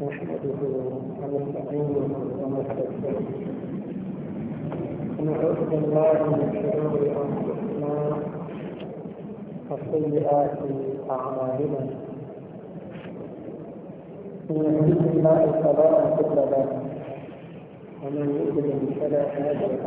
نحمده ونستعينه ونستغفره نعوذ بالله من شرور انفسنا وسيئات اعمالنا من يهده الله فلا مضل له ومن يضلل فلا هادي له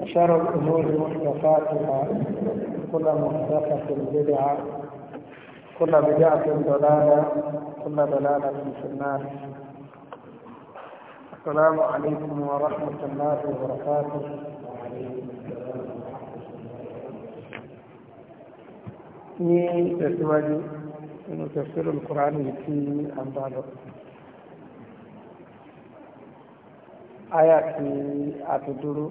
وشر الأمور محدثاتها كل محدثة بدعة كل بدعة ضلالة كل ضلالة في النار السلام عليكم ورحمة الله وبركاته ni tẹ̀síwájú nínú tẹ̀síwájú في القرآن الكريم عن بعض aya tí a ti dúró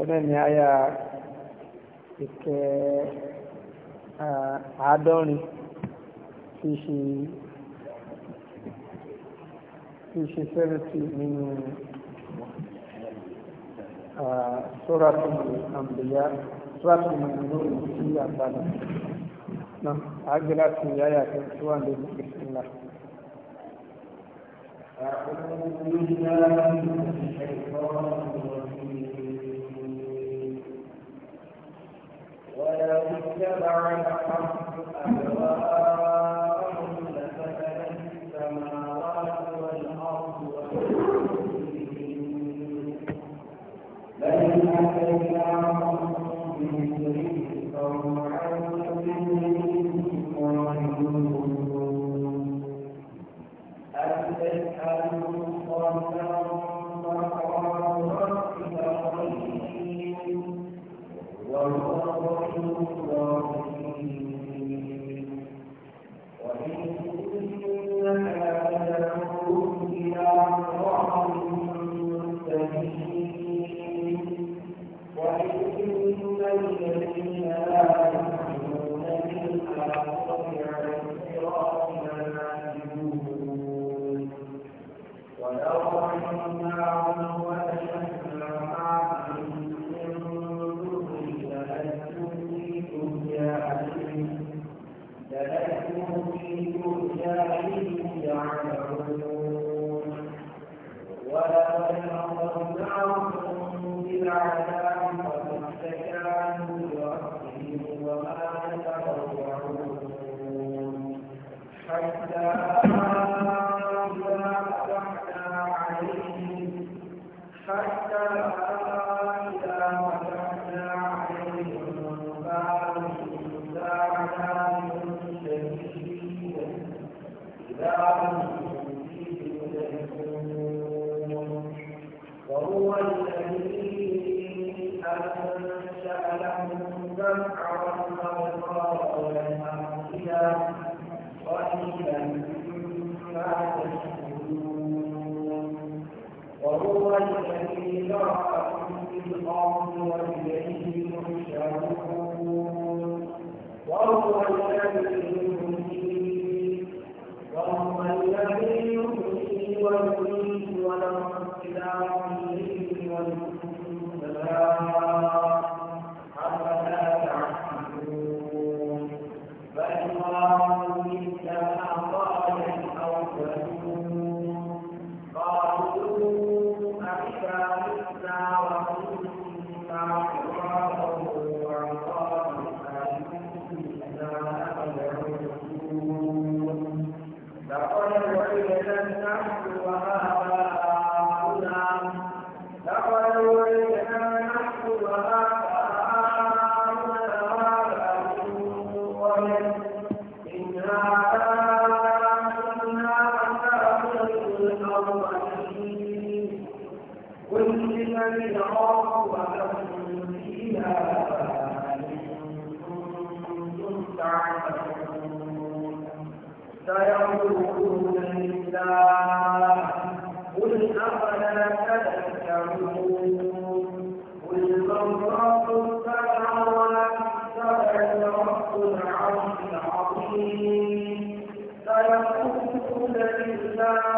ẹ̀nà ni aya ìkẹ́ àádọ́rin tí ṣe tí ṣe sẹ́rẹ̀tì nínú sóràtì àmbìyá sóràtì nínú ìlú sí àgbàdo náà àgbẹ̀ láti aya tó wà lórí ìsinmi láti. ولا اتبع الحق أهواءهم وإن العالمين قل لمن عاقب لكم فيها سيقولون لله قل أفلا تذكرون قل من رب السماوات السبع رب العرش العظيم سيقولون لله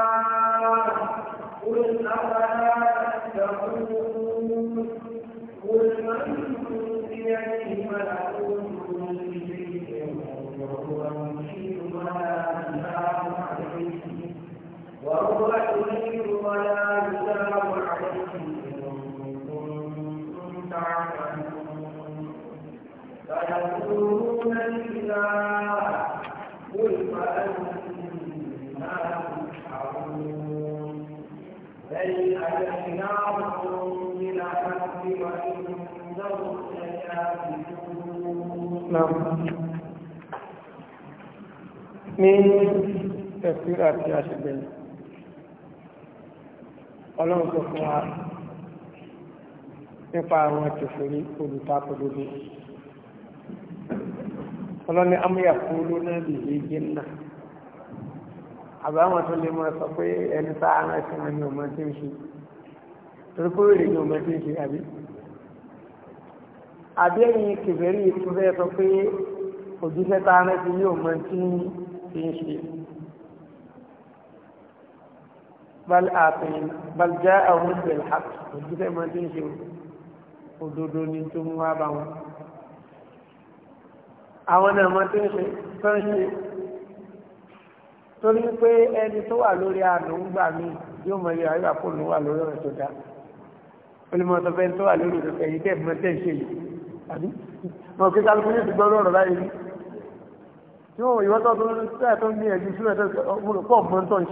فيقولون لله قل فأنتم أي أجعلناهم من حق وإنهم لكاذبون من تفسير آية عشرين Ọlọ́run sọ fún wa nípa àwọn kèfèrí olùtakò lóde ọlọ́ni amúyàkú lónà lè yé jẹ́ àbáwọn tó lè máa sọ pé ẹni tá a rán ẹsẹ̀ wọn ni ọmọ tí ń ṣe torí pé èrè ni ọmọ tí ń ṣe àbí. àbí ẹ̀yìn kìbẹ̀rì tó fẹ́ sọ pé òjíṣẹ́ tá a rán ẹsẹ̀ ni ọmọ tí ń ṣe. bal àfihàn bal àwọn ìbẹ̀rẹ̀ hàk ọmọ tí ń ṣe òdodo ni tó ń wá bá wọn. àwọn ọmọ tí ń ṣe tó ń ṣe torí pé ẹni tó wà lórí àánú ń gbà mí yóò mọ iye àríwá kò ní wà lórí ọ̀rọ̀ tó dá olùmọ̀tò fẹ́ tó wà lórí ọ̀rọ̀ ẹ̀yìn tẹ̀ mọ́ tẹ̀ ṣe yìí àbí mọ̀ kí kálukú ní ìdúgbò ọ̀rọ̀ láyé rí tí wọ́n ìwọ́n tó tún tẹ́ tó ń gbìyànjú sílẹ̀ tó múlò pọ̀ mọ́ tó ṣe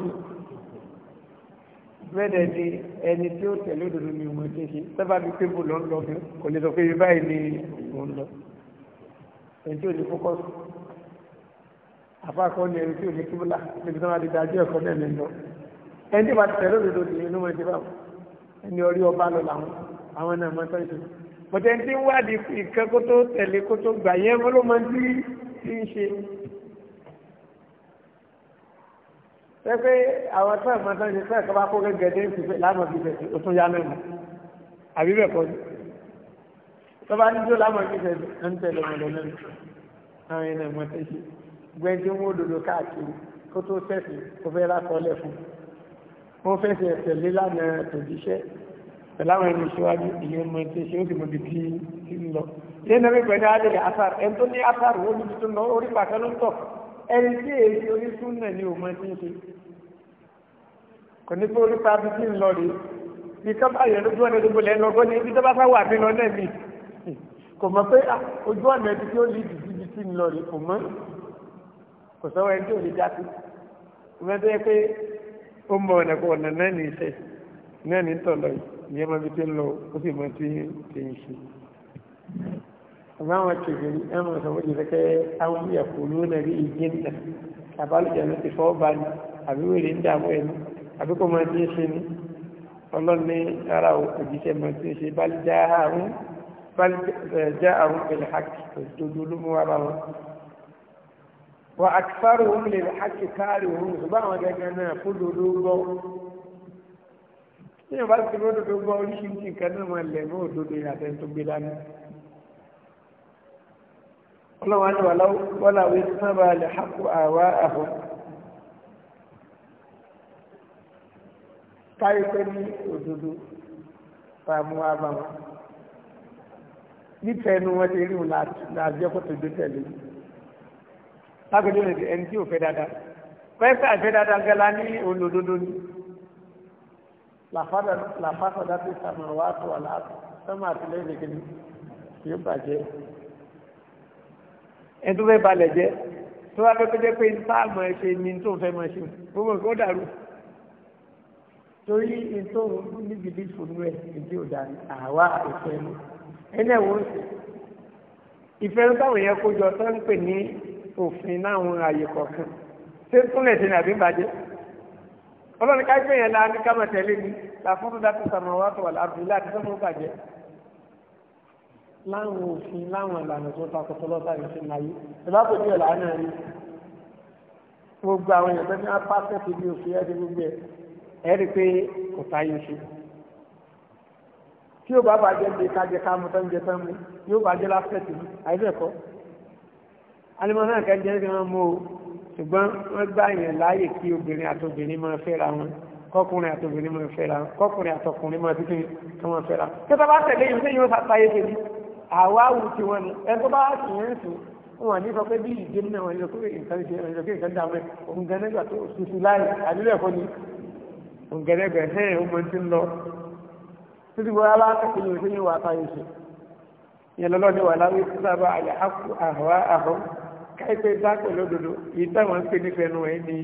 bẹ́ẹ̀ ni ẹni tí ó tẹ̀lé òdòdó ni mo ṣe ṣe sábà bíi pé mo lọ ń lọ kò lè sọ pé àfáàkọ́ ní ẹni tí ò ní kíbúlà níbi tí wọ́n ti dájú ẹ̀kọ́ náà ní lọ ẹni tí wọ́n ti tẹ̀lé òdodo ní inú wọn ti bá wọn ẹni orí ọba lọ làwọn àwọn náà máa tọ́jú bọ̀tẹ́ ẹni tí ń wádìí nǹkan kó tó tẹ̀lé kó tó gbà yẹn ló máa ń tí tí ń ṣe. pẹ́pẹ́ àwọn tó ẹ̀ máa tọ́jú tó ẹ̀kọ́ bá kó gẹ́gẹ́dẹ́ ìfìfẹ́ láàmọ̀ fífẹ́ ó tún yá mẹ́mọ́ àbí bẹ́ẹ̀ kọ́ tọ́ba níjó gbẹ́ndé wọn òdòdó káàkiri kó tó tẹ̀sí kó fẹ́ lákọọ́lẹ̀ fún wọn fẹ́sẹ̀ tẹ̀lé lánàá tòjíṣẹ́ pẹ̀láwọn ẹni ìṣíwájú ìyẹn mọ ẹni ṣe ó sì mọ ibi tí tí ń lọ. ilé náà wípé ní adé asar ẹni tó ní asar wo níbi tó lọ orí pàṣẹ ló ń tọ̀ ẹni tí èyí orí súnà ni òun ti ń ṣe. kò ní pé orí pàṣẹ tí ń lọ rèé bí kábà yẹn lójú ọ̀nà ìdìbò lẹ́nu ọgbọ́n ní ibi tó bá fẹ́ wà nínú náà mi. kò mọ̀ pé ah, ojú ọ̀nà ibi tí ó lè dì síbi ń lọ rèé kò mọ̀ kò sọ́wọ́ ẹni tí ò lè jáde ìwọ́n tó yẹ pé ó mọ ọ̀nà kó ọ̀nà náà ní iṣẹ́ náà ní tọ̀lọ̀ ìyẹn máa fi ti ń lọ ó sì máa ti ti ń ṣe. àmọ́ àwọn kejì ní ẹ̀rọ ìṣòwò jẹ́ pé àwọn ìyà kò ló náà rí ìjì ńlá àbálùjẹ́ ló ti fọ́ bá ní àbí wèrè ń dààmú ẹ̀mí àbí kò máa ti ń ṣe ní ọlọ́ni ara òjíṣẹ́ máa ti ń ṣe bá já àrùn pẹ̀lú hàkì òdodo ló mú wa bá wọn wà àkífàrò òun lè hàkì káàrí òun ṣùgbọ́n àwọn gẹ́gẹ́ náà kó dodo gbọ́ tí yóò bá ti kó dodo gbọ́ oríṣiríṣi nǹkan náà máa lẹ̀ mọ́ òdodo ìyàtẹ̀ tó gbé dání ọlọ́wọ́n ni wọ́n láwé tí wọ́n bá lè hàkó àwa àhọ́ táyé pé ní òdodo fàmù àbàmọ́ nífẹ̀ẹ́ nu wọn ti rí wọn lágbèjọ́ lè ẹni tí ò fẹ́ dáadáa pẹ́ẹ́pẹ́ àfẹ́ dáadáa gẹ́la ní olódodo ni làfàdà tó sàmà wà tó wà láàtò sọ́mà àtìlẹ́yìn nìkan ni yóò bàjẹ́ ẹni tó fẹ́ balẹ̀ jẹ́ tó wá fẹ́ pẹ́jẹ́ pé nípa àmọ́ ẹ̀ṣẹ̀ ni tó fẹ́ máa ṣe gbogbo nǹkan ó dàrú torí ètò níbi bí fòlú ẹ̀ èdè ọ̀dà àwa ìfẹ́ ẹni ẹ̀wọ̀n ìfẹ́ òfin láwọn àyè kọ̀ọ̀kan ṣé ń túnlẹ̀ sí ni àbí bàjẹ́ ọlọ́ni ká gbé yẹn láàánú ká máa tẹ̀lé ni làfúnú dátú sàmà wà tó wà láàbù ilé àti sọ́mọ́ bàjẹ́ láwọn òfin láwọn ìlànà tó ta kọ̀tọ̀ lọ́ta yìí ṣe náà yìí ìbá kò ní ọ̀là náà rí gbogbo àwọn èèyàn tẹ́tí wọn pa sẹ́ẹ̀tì bí òfin ẹ̀ ti gbogbo ẹ̀ ẹ̀ rí pé kò tá yìí ṣe tí yóò bá bàjẹ́ bí kájẹ ká mú tán jẹ tán mú yóò bàjẹ́ lásẹ̀tì àìbẹ̀kọ́ alimọ́nà àkẹ́jẹ́ ti wọ́n mú o ṣùgbọ́n wọ́n gbá yẹn láàyè kí obìnrin àtobìnrin máa fẹ́ra wọn kọkùnrin àtobìnrin máa fẹ́ra wọn kọkùnrin àtọkùnrin máa títí tó máa fẹ́ra wọn. tẹ́tọ́ bá tẹ̀lé yìí sẹ́yìn ó sàtayé tèmi àwa wù tí wọ́n ní ẹni tó bá sì yẹn sùn wọn ní sọ pé bí ìdí náà wọn lọ kókè nǹkan ṣe wọn lọ kókè nǹkan dàmẹ òun gẹ́gẹ́ gbà tó ṣuṣu láì àdúrà ẹ̀kọ́ ni òun gẹ́gẹ́ gbà mọ ti ń lọ títí wọn alákàtí yóò wà táyé ṣe lọ́lọ́ ni wà láwé káyipẹ́ bá pẹ̀lú òdodo yìí táwọn ń pè ní fẹnu ẹ̀ ní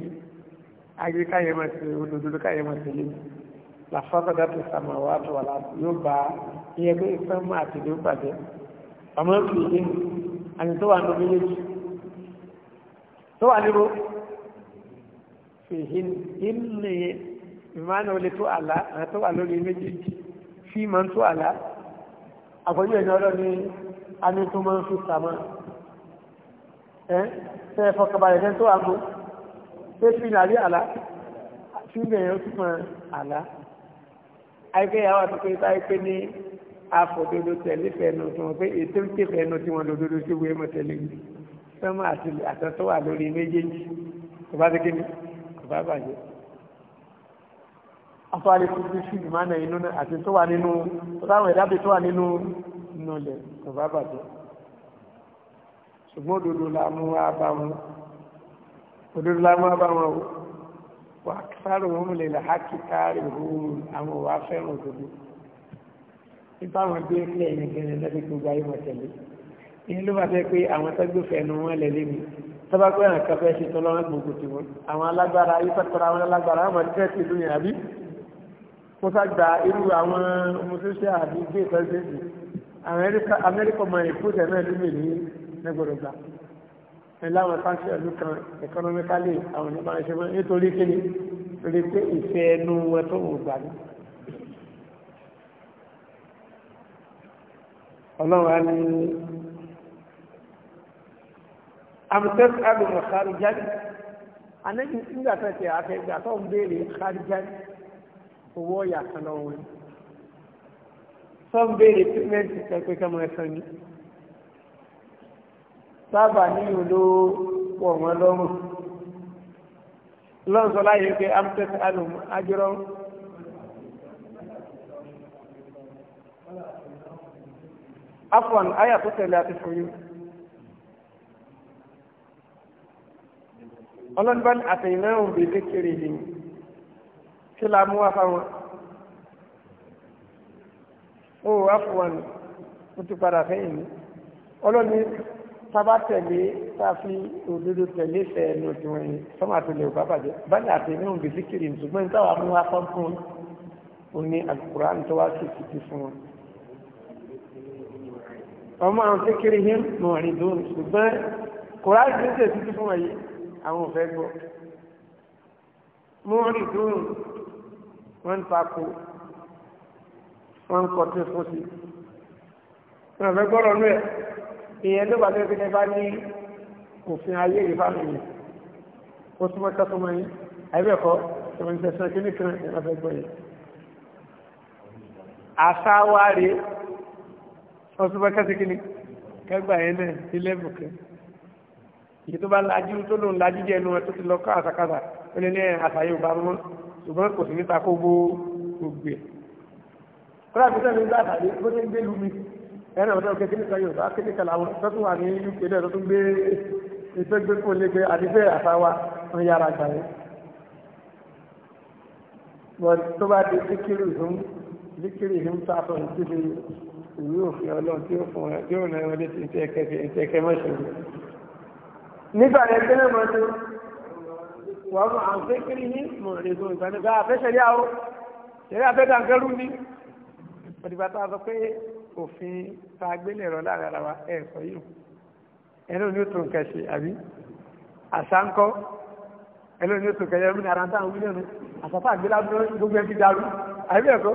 agri káyẹ̀ máa ṣe òdodo káyẹ̀ máa ṣe lé làfàkọ́dá tó sàmà wà tó wà láti yóò bá ìyẹn pé sánmà àti ìdó pàdé àmọ́ fi ìdí nù àti tó wà ní méjèèjì tó wà níbo fi ìhìn ìnù yẹn ìmánu olè tó àlá àti tó wà lórí méjèèjì fi ìmọ̀ tó àlá àkọ́jú ẹ̀ ní ọlọ́ni a ní tó máa ń fi sàmà ẹ́ ṣe fọkànbalẹ̀ fẹ́ tó àgbo ṣé fi nàrí àlá fi bẹ̀rẹ̀ ó túmọ̀ àlá àìpé ìyàwó àti pé táyé pé ní afọ̀dodo tẹ̀lé fẹ́nu tí wọ́n pé ètò ń ké fẹ́nu tí wọ́n lòdodo sí wé mọ́ tẹ̀lé yìí sọ́mọ́ àti àtọ́tọ́ wà lórí méjèèjì kò bá dégé ní kò bá bàjẹ́. afọ́lẹ́ tuntun sí ìmọ̀nà inú náà àti tó wà nínú tó táwọn ẹ̀dá tó wà nínú nulẹ̀ kò bá bàjẹ́ ṣùgbọ́n òdodo la mú wá bá wọn òdodo la mú wá bá wọn o wà sáré wọn lè là á kí káàrí òun àwọn òwà fẹ́ràn òdodo nípa àwọn tó ń lẹ̀ yẹn gẹ́gẹ́ lẹ́bi gbogbo ayé wọn tẹ̀lé ìyẹn ló bá fẹ́ pé àwọn tẹ́gbẹ́fẹ́ nu wọn lẹ̀ lé mi tọ́ba pé kan fẹ́ ṣe tọ́lọ́ wọn gbogbo tí àwọn alágbára ayé pàtàkì àwọn alágbára wọn tẹ́ ti lóyún àbí mo sá irú àwọn homosexual àbí gay president àwọn amẹ́ríkà ọmọ ìfúnṣẹ́ náà ló lè ní lẹ́gbọ̀dọ̀ gbà láwọn sáńsì ẹ̀lú kan ẹ̀kọ́nọ́míkálì àwọn ìjọba ẹ̀ṣẹ̀ mọ́ nítorí kíni torí pé ìfẹ́ ẹnu wọn tó wù gbà ní. ọlọ́run á ní amtẹ́sí àdùnmọ̀ sáré jáde anẹ́bí nígbà tó ti àfẹ́ gbà tó ń béèrè sáré jáde owó ọ̀yà kan lọ́wọ́ wọn. sọ ń béèrè pímẹ́ǹtì pẹ́pẹ́ kẹ́mọ́ ẹ̀sán ni sábà níyùn ló pọ̀ wọ́n lọ́rùn lọ́n sọ láyé pé amtẹ́sí alùm ajọ́rọ́ afọ̀n ayà tó tẹ̀lé àti fòyú ọlọ́dún bá ní àtẹ̀yìnlẹ́ òun bèbè kiri yìí kí la mú wá fáwọn ó afọ̀n mo ti padà fẹ́yìn ní ọlọ́dún tába tẹ̀lé táfi òdodo tẹ̀lé fẹ́ ẹnu tiwọn yìí sọ́mà tó lè bá bàjẹ́ báyìí àti inú òbí síkìrì ṣùgbọ́n táwa mú wá fọ́nfún un ní alukuran tó wá sí títí fún wọn. ọmọ àwọn kékeré yín mọ̀ rìn dùn ṣùgbọ́n kuran tó ń tẹ̀ fún wọn yìí àwọn ò gbọ́. mú rìn dùn wọ́n ń takò wọ́n ń kọ́ tó fún sí. wọ́n ìyẹn ló bá tó fi bá ní òfin ayé ìfàmìlì ó súnmọ́ kásánmọ́ yín àìbẹ̀kọ́ tẹ̀wọ̀n tẹ̀sán kí nìkan ìrìn àfẹ́ gbọ́ yìí àṣà wa rè é ó súnmọ́ kásán kí ni kẹgbà yẹn náà ilé bùkẹ́ èyí tó bá lajú tó lòun lajú jẹ́ ẹnu ẹ tó ti lọ kọ́ àṣàkáṣà ó lé ní àṣà Yorùbá mọ́ ṣùgbọ́n kò sí níta kó gbó gbogbo ẹ̀ kọ́lá ẹ̀rọ ọ̀dọ́ òkè kíníkà yorùbá kíníkà làwọn tọ́tún wà ní uk náà tọ́tún gbé ìfẹ́ gbé kó lé gbé àdífẹ́ àtàwà ń yára gbà yẹn. wọ́n tó bá di zikiri hum zikiri hum tó àtọ̀ nítorí ìwé òfin ọlọ́run tí ó fún ẹ tí ó rìn ẹran létí ní ẹ̀kẹ́ mọ́ṣẹ́ rẹ̀. nígbà yẹn kí náà mọ̀ tó wọ́n mọ̀ àwọn zikiri ní mọ̀ èso ìgbàlódé àfẹ́sẹ̀ yà ó ṣẹlẹ̀ àfẹ́ òfin tá a gbélé ẹ̀rọ láàrin ara wa ẹ̀ sọ yìí ẹ̀rọ ni ó tó nǹkan ṣe àbí àṣà ń kọ́ ẹ̀rọ ni ó tó kẹ̀yẹ́ lónìí ara táwọn wílẹ̀ nu àṣàfà àgbélá gbogbo ẹbí darú àbí ẹ̀kọ́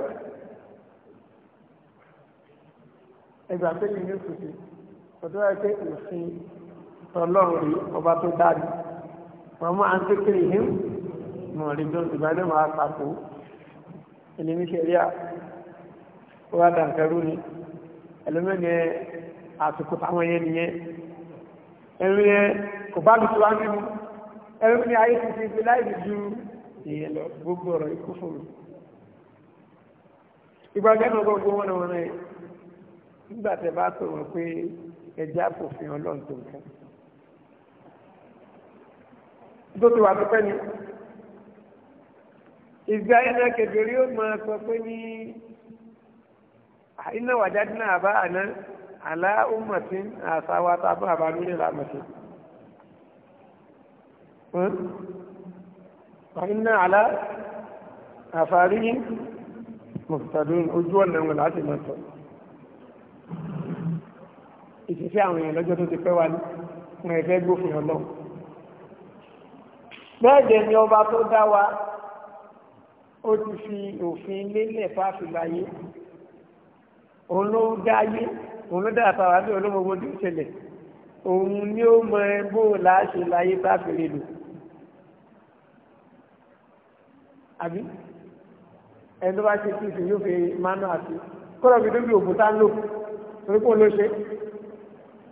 ẹgbà pé ní wa pé òfin tọlọ́run rí ni ẹlẹ́mẹ́ni àsìkò táwọn yẹn nìyẹn ẹ̀rìn yẹn kò bá mi tó wá nínú ẹ̀rìn ní ayé ti fi fi láì ju ìyẹn lọ gbogbo ọ̀rọ̀ ikú fún mi ìgbàgbẹ́ náà gbogbo wọn wọn rẹ̀ nígbà tẹ bá tó wọn pé ẹja kò fi tó nǹkan tó ti wà tó pẹ́ ni ìgbà yẹn náà kẹ̀dùrí ó máa sọ pé ní iná wàjáde náà bá àná aláhùnmọ̀tí àsáwá tábà àbálórí làmọ̀tí iná alá àfàrí mọ̀tàdún ojú ọ̀nà wọn láti mọ̀tọ̀ ìṣẹ́ṣẹ́ àwọn èèyàn lọ́jọ́ tó ti pẹ́ wá ní wọn ẹ̀fẹ́ gbófin ọlọ́run bẹ́ẹ̀dẹ̀ ni ọba tó dá wa ó ti fi òfin lélẹ̀ fáfiláyé òun ló dá ayé òun ló dá àtàwọn àbí olómọgbò tó ṣẹlẹ̀ òun ni ó mọ bó láṣẹ láyé bá fèrè lò àbí ẹni tó bá ṣe kí ìsìn yóò fi mánú àti kọ́lọ̀ fi dóbi òkúta ń lò torí kò ló ṣe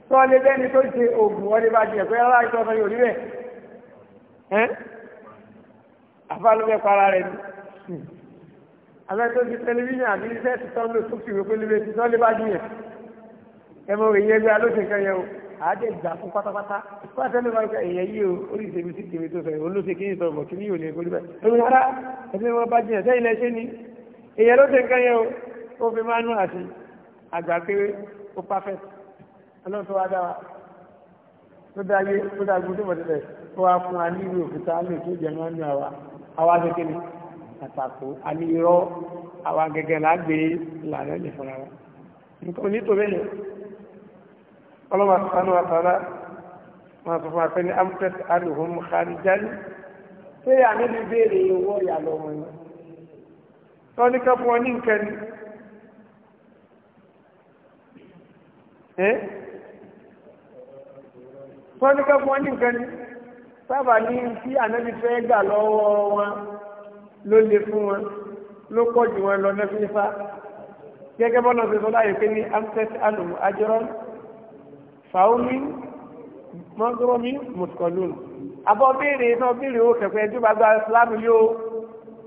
tó lé bẹ́ni tó ṣe oògùn wọlé bá jẹ pé ara ìtọ́ ọ̀sán yóò rí bẹ́ẹ̀ àfáà ló fẹ́ para rẹ̀ ni àmẹ́tò ti tẹlifíṣàn àti iṣẹ́ ti tán ló tó fìwé pé lébe ti tán lé bá jùyàn ẹ mọ èyí ẹgbẹ́ alóṣè kan yẹn o àádẹ́ ìgbà fún pátápátá fún àtẹ́lẹ́ máa ń kọ èyí yìí o orí ìṣèlú sí tèmi tó sọ̀rọ̀ olóṣè kí yìí sọ̀rọ̀ kí ni yóò lè gbólú bẹ́ẹ̀ ẹ̀mí rárá ẹ̀mí wọn bá jùyàn sẹ́yìn lẹ́ṣẹ́ ni èyí alóṣè yẹn o ó fi máa nú àti àgbà pé ó pàfẹ́ ọlọ́run àtàkó àní irọ́ àwọn agẹgẹ lágbé ìlànà ẹ̀lẹ̀ fúnra wa nǹkan nítorí ẹ̀ ọlọ́wà sanu àtàlá wọn sọ fún wa pé ní amtẹ́t alùhùn kharijan pé àmì ní béèrè owó ìyàlọ́ fún wọn ní ní sábà ní tí ànábi fẹ́ gbà lọ́wọ́ wọn ló le fún wọn ló pọ̀ jù wọn lọ nẹ́fínífà gẹ́gẹ́ bọ́lá ṣe sọ láyé pé ní amset alum ajọ́rọ́ fàómi mọ́gọ́rọ́mí mùsùlùmí abọ́ béèrè náà béèrè ó kẹ̀kẹ́ ẹjọ́ bá gba islam yóò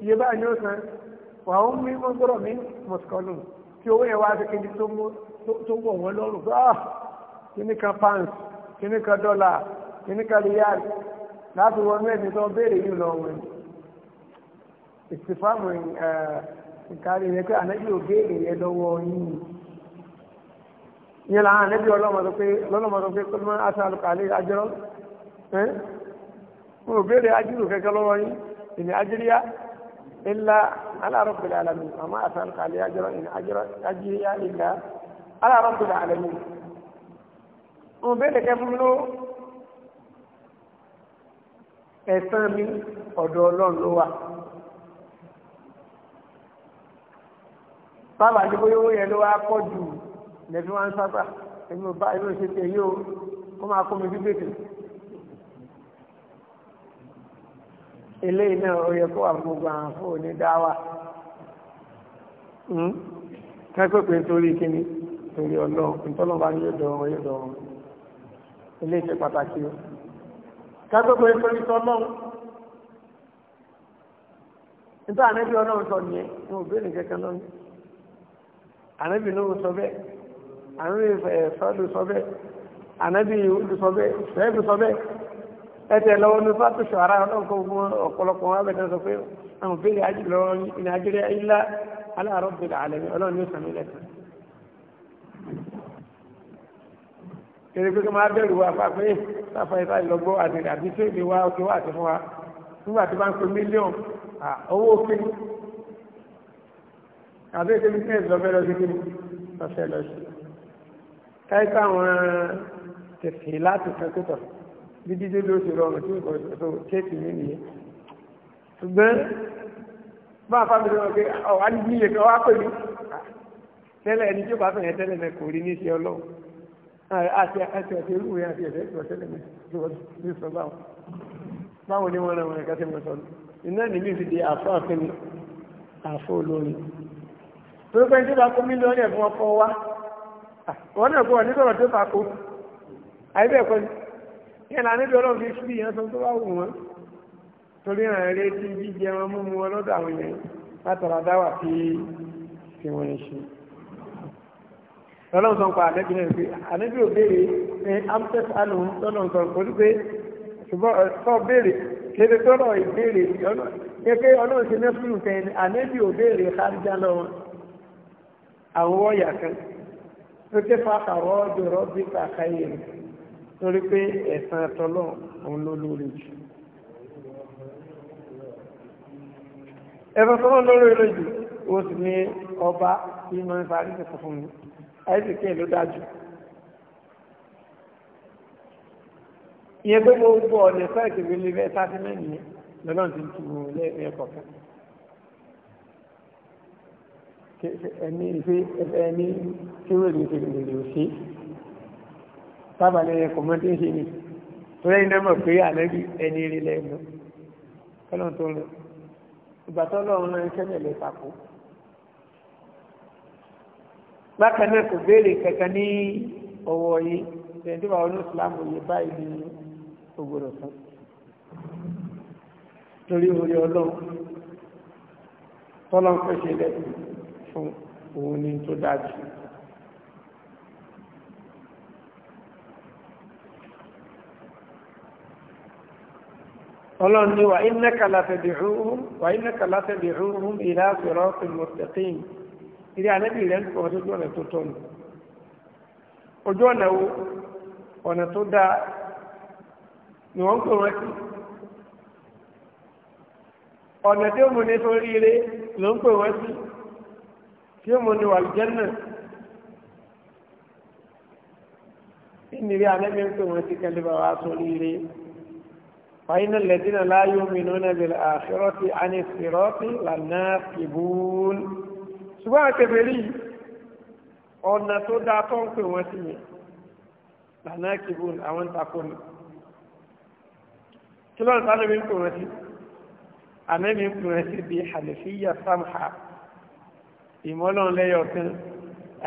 yé bá yóò san fàómi mọ́gọ́rọ́mí mùsùlùmí tí owó yẹn wá sí kejì tó wọ̀ wọ́n lọ́rùn bá ah, kíní kan pounds kíní kan dọ́là kíní kan riyal láti wọnú ẹ̀sìn tó béèrè yìí lọ́wọ́ ìsìfàmù ìkárí rẹ pé ànábì ò béèrè yẹn lọ́wọ́ yìí yẹn làwọn ànábì ọlọ́mọdé pé ọlọ́mọdé pé kọ́lọ́mọ àti alùpàlẹ́ àjọrọ́ ẹ́ mo ò béèrè ajírù kẹ́kẹ́ lọ́wọ́ yìí ìní ajíríyá illa ala rabbil alamin àmọ́ àti alùpàlẹ́ àjọrọ́ ìní ajíríyá illa ala rabbil alamin mo ò béèrè kẹ́ fún mi lọ́wọ́ ẹ̀sán mi ọ̀dọ̀ ọlọ́run ló wà. sábà ní bóyá owó yẹn ló wá pọ̀ jù lẹ́bí wọn sábà èmi ò bá èmi ò ṣe tẹ̀ yí o kó máa kó mi bí bèbè. eléyìí náà ó yẹ kó wà gbogbo àwọn fún onídáwà hmm? kẹ́kọ̀ọ́ pé torí kíni torí ọlọ́run ìtọ́lọ́ba ní yóò dọ̀rọ̀ yóò dọ̀rọ̀ eléyìí ṣe pàtàkì o kẹ́kọ̀ọ́ pé torí tọ́lọ́run nítorí àná bí ọlọ́run sọ nìyẹn ní òbí ènìyàn kankan lọ́nà ànábì Nuhu sọ bẹ́ẹ̀ ànábì Sọ́ọ̀dù sọ bẹ́ẹ̀ ànábì Húdù sọ bẹ́ẹ̀ Ṣuaibu sọ bẹ́ẹ̀ ẹ̀tẹ̀ lọ́wọ́ ní fásitì ṣọ̀rá ọlọ́nkọ́ fún ọ̀pọ̀lọpọ̀ wọn bẹ̀rẹ̀ sọ pé àwọn òbílẹ̀ ajílọ ní ajílẹ̀ ilá aláàárọ̀ bẹ̀rẹ̀ àlẹ́mí ọlọ́run ní ìsàmì lẹ́sàn. kéré pé kí máa bẹ̀rù wa fà pé sáfà ìfà ìlọgbọ́ àti àbí tí èdè wa ó ti fún wa nígbà tí wọ́n ń pe mílíọ̀nù owó kéré àbí ètò business lọ́fẹ́ lọ sí kí lọ́fẹ́ lọ sí káíkọ́ àwọn tẹ̀sí láti kẹ́kọ̀tọ̀ bí dídé ló ṣe rọrùn tí kò tó kéèkì mí nìyẹn ṣùgbọ́n bá a fábí lọ́wọ́ pé ọ̀ alìbí yẹ kọ́ wá pẹ̀lú tẹ́lẹ̀ ẹni tí ó bá fẹ̀yẹ tẹ́lẹ̀ mẹ́ kò rí ní ṣe ọlọ́run àti àti àti irú rẹ̀ àti ẹ̀fẹ́ ìgbọ̀ tẹ́lẹ̀ mẹ́ ni wọ́n rẹ̀ wọ́n rẹ̀ kásẹ̀ mọ́ sọ iná nílùú ti di àfọ́ torí pé tí ó bá kó mílíọ̀nù ẹ̀fún ọkọ̀ wa wọ́n náà kó wà nítorí tó bá kó àyíbẹ̀ kọ́ yẹn náà níbi ọlọ́run fi fi ìyẹn tó tó bá wù wọ́n torí ràn án létí jíjẹ wọn múmu wọn lọ́dọ̀ àwọn èèyàn látara dáwà tí tí wọ́n ń ṣe lọ́lọ́run sọ pa àdẹ́bí náà pé àdẹ́bí ò béèrè ní amtec alum lọ́lọ́run sọ pé pé ṣùgbọ́n sọ béèrè kéde tọ́lọ̀ ìbéèrè ọ̀nà kékeré ọlọ́run ṣe mẹ́fún ìfẹ́ àdẹ́bí ò béèrè káríjà àwọn wọ́ọ̀yà kan tó ké fàkàrọ̀ ọ̀dọ̀rọ̀ bí kàkà yẹn torí pé ẹ̀sán tọ́lọ̀ òun ló lórí jù. ẹ̀sán tọ́lọ̀ lórí lórí jù ó sì ní ọba tí mo ń parí ṣe fún mi àìsíkè ló dájú. ìyẹn tó gbogbo ọ̀nà ìfẹ́ ìkèwé lè fẹ́ sáfẹ́mẹ́ nìyẹn lọ́nà tí ń tu lẹ́ẹ̀kọ̀ọ̀kan ẹni ìfẹ́ ẹni tí ó rí ìrìnlẹ̀ òṣè tábàlẹ̀ ẹkùnmọ́ tí ń ṣe ni tó lẹ́yìn náà mọ̀ pé àlẹ́bí ẹni rí lẹ́nu kọ́lọ̀ tó rẹ̀ ìgbà tó lọ́run rẹ̀ sẹ́lẹ̀ lè papò bákan náà kò béèrè kankan ní ọwọ́ yìí tẹ̀yìn tí wàá ọdún ìsìlámù yìí báyìí ní ògbòrò fún torí orí ọlọ́run tọ́lọ́ pèsè lẹ́yìn fún òun ní tó dájú. ọlọ́run ni wà innaka latad'uuhum wà innaka latad'uuhum ila siratin mustaqim ilé ànábì rẹ̀ ń pọ̀ lójú ọ̀nà tó tọ̀nù ojú ọ̀nà wo ọ̀nà tó dáa ni wọ́n ń pè ọ̀nà tí ó mú ní sórí ire ló ń pè wọ́n sí سيموني والجنة إني بي أنا ميمتو ماتيك اللي بواصلي لي فإن الذين لا يؤمنون بالآخرة عن الصراط لناكبون سبحان كبيري أو نتو داتون كي ماتي لناكبون أو نتاكون كلا نتاكون ماتي أنا ميمتو ماتي بحلفية سمحة ìmọ́lọ́n lẹ́yọ̀kan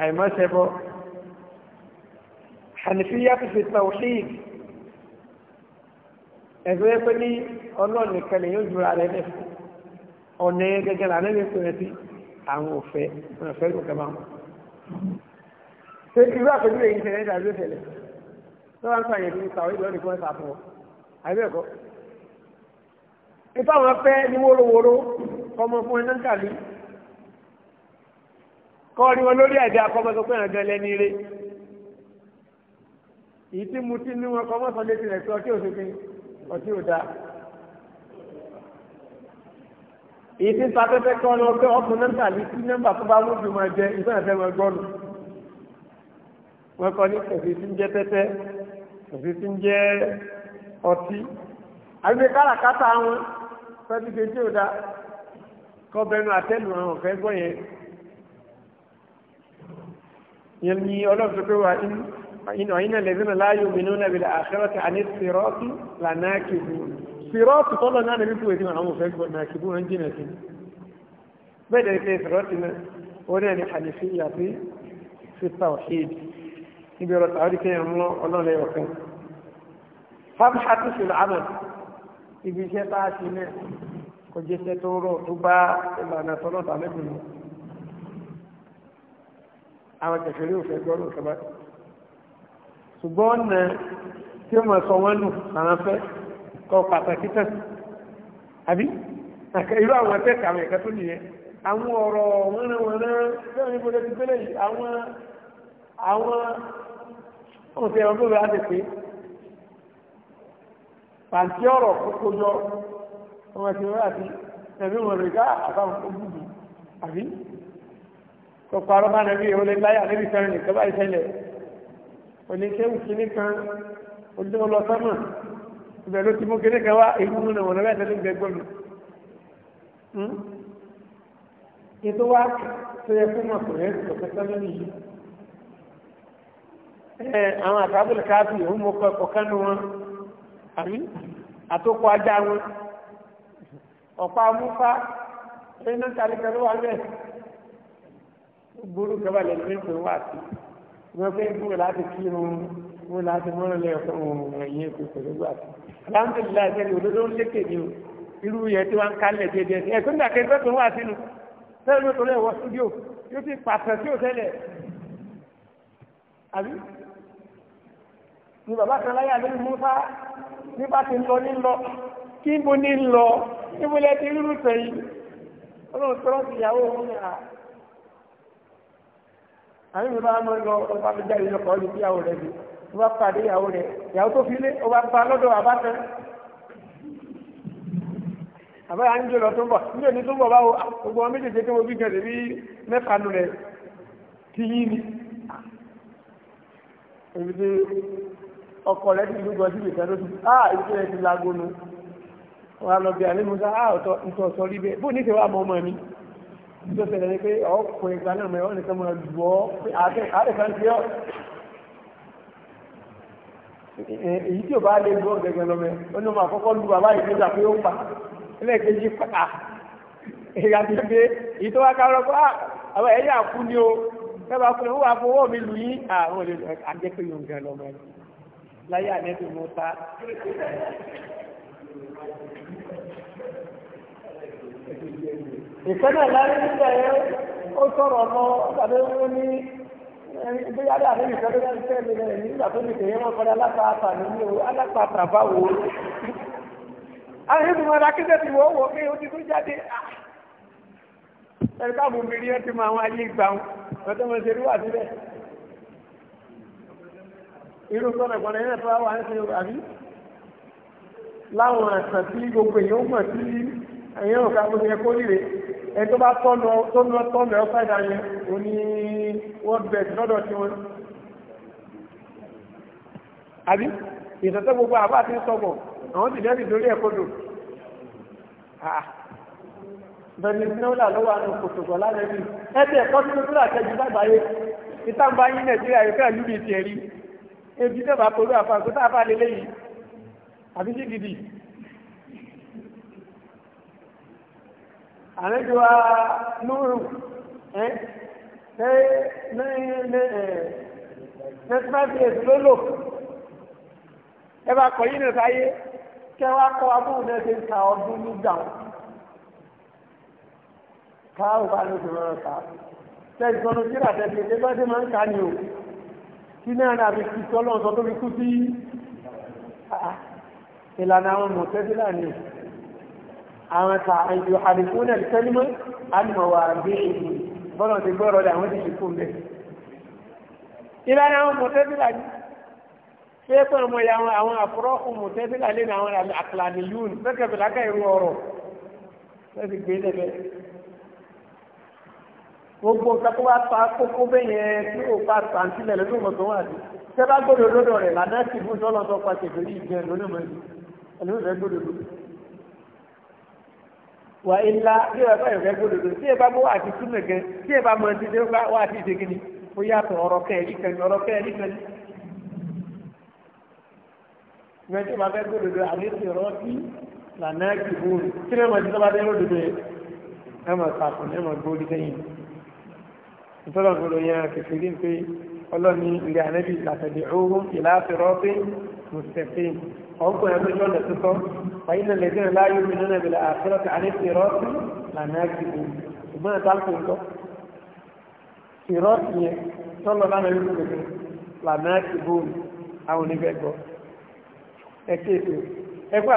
àìmọ́sẹ́bọ́ hànífíyà tó fi tawhid ẹ̀fẹ́ pé ní ọlọ́ọ̀nì kan yóò jura rẹ̀ lẹ̀ ọ̀nà gẹ́gẹ́ là nílé pé rẹ̀ sí àwọn òfẹ́ òfẹ́ ló kẹ́ máa ń ṣe irú àpèjú èyí ṣẹlẹ̀ ní àdúgbò ṣẹlẹ̀ tó bá ń sọ àyẹ̀dí tàwọn ìlú ọ̀nìkan ṣà fún ọ àbẹ́ẹ̀kọ́ ìfáwọn fẹ́ ní wórówóró ọmọ fún ẹ náà kàlí kọ́ rí wọn lórí ẹ̀dẹ́ akọ́mọ́sọ pé ẹ̀dẹ́ lẹ́ni eré èyí tí mo ti ní wọn kọ́ mọ́sán létí rẹ̀ pé ọtí òṣèké ọtí òdá èyí tí ń ta pẹ́pẹ́ kọ́ lọ pé ọkùnrin nọ́mbà ní sí nọ́mbà tó bá mú ju máa jẹ ìfẹ́ ẹ̀fẹ́ wọn gbọ́nù wọn kọ́ ní kòsì tí ń jẹ pẹ́pẹ́ kòsì tí ń jẹ ọtí àbí káràkátà wọn fẹ́ẹ́ ti ṣe tí òdá kọ́ bẹnu àtẹ́lù àwọn ọ̀fẹ́ gbọ́ yẹn يلني ولو إن وإن الذين لا يؤمنون بالآخرة عن الصراط لناكبون صراط طلع أنا بيقول يدي من عمو فيك ناكبون عن جناتين بدأ في صراط وانا نحنفي في في التوحيد يبي رد كي الله الله لا يوكل هم حتى في العمل يبي شيء تاسينه كل جسد تورو تبا تبا نتورو تعلمونه àwọn kẹfẹ́rí ò fẹ́ gbọ́rùn kẹba ṣùgbọ́n ọ̀nà tí ó mọ̀ sọ wọ́n nù àwọn fẹ́ kọ pàtàkì tán àbí irú àwọn tẹ́ẹ̀kì àwọn ẹ̀kẹ́ tó nìyẹn àwọn ọ̀rọ̀ wọ́nrẹ́wọ́nrẹ́ bẹ́ẹ̀ ni bọ́lẹ́ ti gbélé yìí àwọn àwọn òun ti ẹ̀rọ gbogbo láti pé pàǹtí ọ̀rọ̀ kókó jọ ọmọ ti rẹ́ àti ẹ̀mí wọn rẹ̀ ká àbáwọn ó gbùgbù àbí tó parọ́ bá nàbí olè láyà níbi fẹ́ràn nìkan báyìí ṣẹlẹ̀ òní kéwù kínní kan olùdókòó lọ sọ́mọ̀ ibẹ̀ ló ti mú kínní kan wá ìlú nínú wọn lọ́wọ́ ẹ̀sẹ̀ tó gbẹ gbọ́dọ̀ hmm? ètò wa tó yẹ fún ọkùnrin tó fẹ́ sọ́mọ́ nìyí àwọn àtàbùlù káàpì òun mọ ọ̀kan nu wọn àmì àtòkọ ajá wọn ọ̀pá amúfá ẹni náà kàlíkà ló wà bẹ́ẹ̀ burú kaba lè ní pé wá sí wọ́n fẹ́ gbúrò láti kírun wọ́n láti mọ́rọ̀ lẹ́yọ̀kọ́ òun ẹ̀yìn èkó pẹ̀lú wá sí. alhamdulilayi sẹ́ni òdodo ń lékè ní o irú yẹn tí wọ́n ń kálẹ̀ déédéé ẹ̀ tó ń dàkẹ́ tó tún wá sínú sẹ́ni ó tọ́lẹ̀ wọ stúdíò yóò ti pàṣẹ sí òtẹ́lẹ̀ àbí ni bàbá kan láyé àlẹ́ Musa ní bá ti ń lọ ní lọ kí n bo ní lọ níbo lẹ́ ti rírú sẹ́yìn ọlọ́run tó rọ́ọ̀sì ìyàwó òun ni à àmì mi bá mọ lọ ọba mi jáde lọ kọ́ ọ́ ní ìyàwó rẹ̀ bi ó bá pàdé ìyàwó rẹ̀ ìyàwó tó fi lé ó bá ba lọ́dọ̀ àbátan àbáyà ń jò lọ tó ń bọ̀ ní òní tó ń bọ̀ báwo gbogbo ọmọ méjèèjì tó mo bí gẹ̀rẹ̀ bí mẹ́fà nù rẹ̀ ti yí ni èmi tí ọkọ̀ rẹ̀ ti lúgọ sí ìgbésẹ̀ lóṣù ah èmi tí rẹ̀ ti lagonu wọn lọ bí alẹ́ musa ah ọ̀tọ̀ nítorí ọ̀tọ̀ rí bẹ́ẹ̀ bó ní ìṣèwà ọmọ ọmọ mi tó ṣẹlẹ̀ ni pé ọ̀pọ̀ ìgbà náà mẹ́wọ́n nìkan máa lù ọ́ pé àádẹ́ka ń ṣe ọ́ èyí tí ò bá lè lu ọ̀gẹ̀gẹ̀ lọ́mẹ ó ní ọmọ àkọ́kọ́ lu bàbá yìí nígbà pé ó pa ẹlẹ́ẹ̀kejì pa ìyá ti gbé èyí tó wá kárọ̀ pé ah, àwọn ẹ̀yà kú ni o ẹ̀bà kú ni wọ́n wá fọwọ́ mi lù yín àwọn olè àjẹpẹ́ yóò gẹ̀ lọ́mọ láyé ànẹ́bí mọ́ta ìkẹ́nà láyé nígbà yẹn ó sọ̀rọ̀ ọmọ tàbí ó ní bí adé àbí ìfẹ́ tó ń fẹ́ mi lẹ́yìn nígbà tó ní kèyẹ́ wọn fọdá alápàtà nínú o alápàtà bá wò ó. àwọn ìlú mọ̀ra kí sẹ́ẹ̀tì wọ́n wọ̀ pé ó ti tó jáde. ẹ̀rí káàbù mi rí ẹ́ ti máa wọn ayé gbà wọn lọ́tọ́ mo ṣe rí wà síbẹ̀. irú sọ̀rọ̀ ìpọ̀nà yẹn tó wà ń ẹ tó bá tọ́nu tọ́nu ẹ fẹ́dà yẹn o ní world bank lọ́dọ̀ tí wọ́n. àbí ìtọ́tọ́ gbogbo àbá àti sọ̀bọ̀ àwọn ti dẹ́rì lórí ẹ̀ kodò. bẹ̀rẹ̀ ní ó là lọ́wọ́ àwọn kòtòkò lálẹ́ bí ẹ tẹ̀ ẹ̀kọ́ tuntun tó làkẹ́jù lágbàáyé ìtàǹbá yín nàìjíríà yóò fẹ́ lùmí tiẹ̀ rí ebi tẹ̀ bá polú àfàǹkó tá a lélẹ́yìn àbí sí gidi. àlejò wa lóòrù ẹ ṣe ní ní ẹ tẹsímẹ́tì èsì ló lò ẹ bá kọ yín ní sáyé kẹ wá kọ abúlé náà ṣe ń ka ọdún nígbà wọn káwọn bá lóṣù lọ́rọ̀ ká tẹ̀sí tọ́nu síra tẹ̀sí ilé bá ṣe máa ń ka ni o kí náà dàbí kí tọ́lọ́ sọ àwọn ta àyò àdìfúnà kẹ́límọ́ alìmọ̀wà àgbé èdè bọ́lọ̀ ti gbọ́rọ̀ rẹ̀ àwọn ti fi kún bẹ́ẹ̀. ìlànà àwọn mọ̀tẹ́bílà ní ṣé pé ọmọ ìyá àwọn àwọn àfúrọ́kù mọ̀tẹ́bílà lé ní àwọn àkàlàní yún fẹ́kẹ̀bìlà ká ìrú ọ̀rọ̀ lẹ́sì gbé lẹ́bẹ̀. gbogbo nǹkan tó bá ta kókó bẹ́yẹn tí wà ilá bí wà báyọ̀ fẹ́ gbódòdó tí ẹ bá mú àti túnmẹ̀ gẹ tí ẹ bá mọ ti dé wá àti ìdégini ó yàtọ̀ ọ̀rọ̀ kẹ́ẹ̀rí kan ọ̀rọ̀ kẹ́ẹ̀rí kan mẹ́tí ma fẹ́ gbódòdó àdéhùn rọ́ọ̀tì lànà kìbóòlù tí ẹ mọ̀ ti sábà dé lódòdó yẹ ẹ mọ̀ sàkùn ẹ mọ̀ gbódì sẹ́yìn ìtọ́lọ̀ yẹn kìfìrí pé ọlọ́ni ilé ànẹ́bí làtẹ̀dẹ̀ òhun ìlàáfẹ́ rọ́bí mùsẹ̀fẹ́ ọkọ̀ ẹ̀ lójú ọ̀nà tó tọ́ wáyé náà lẹ́gbẹ̀rẹ̀ láàyò mi nínú ìbílẹ̀ àfẹ́rọ́tì àníṣe rọ́bí lànà àgbègbè ìgbọ́n ẹ̀ta kò ń tọ́ ìrọ́bì yẹn tọ́lọ lánà yóò gbègbè lànà àgbègbè àwọn oníbẹ̀ gbọ́ ẹ kéèké ẹgbẹ́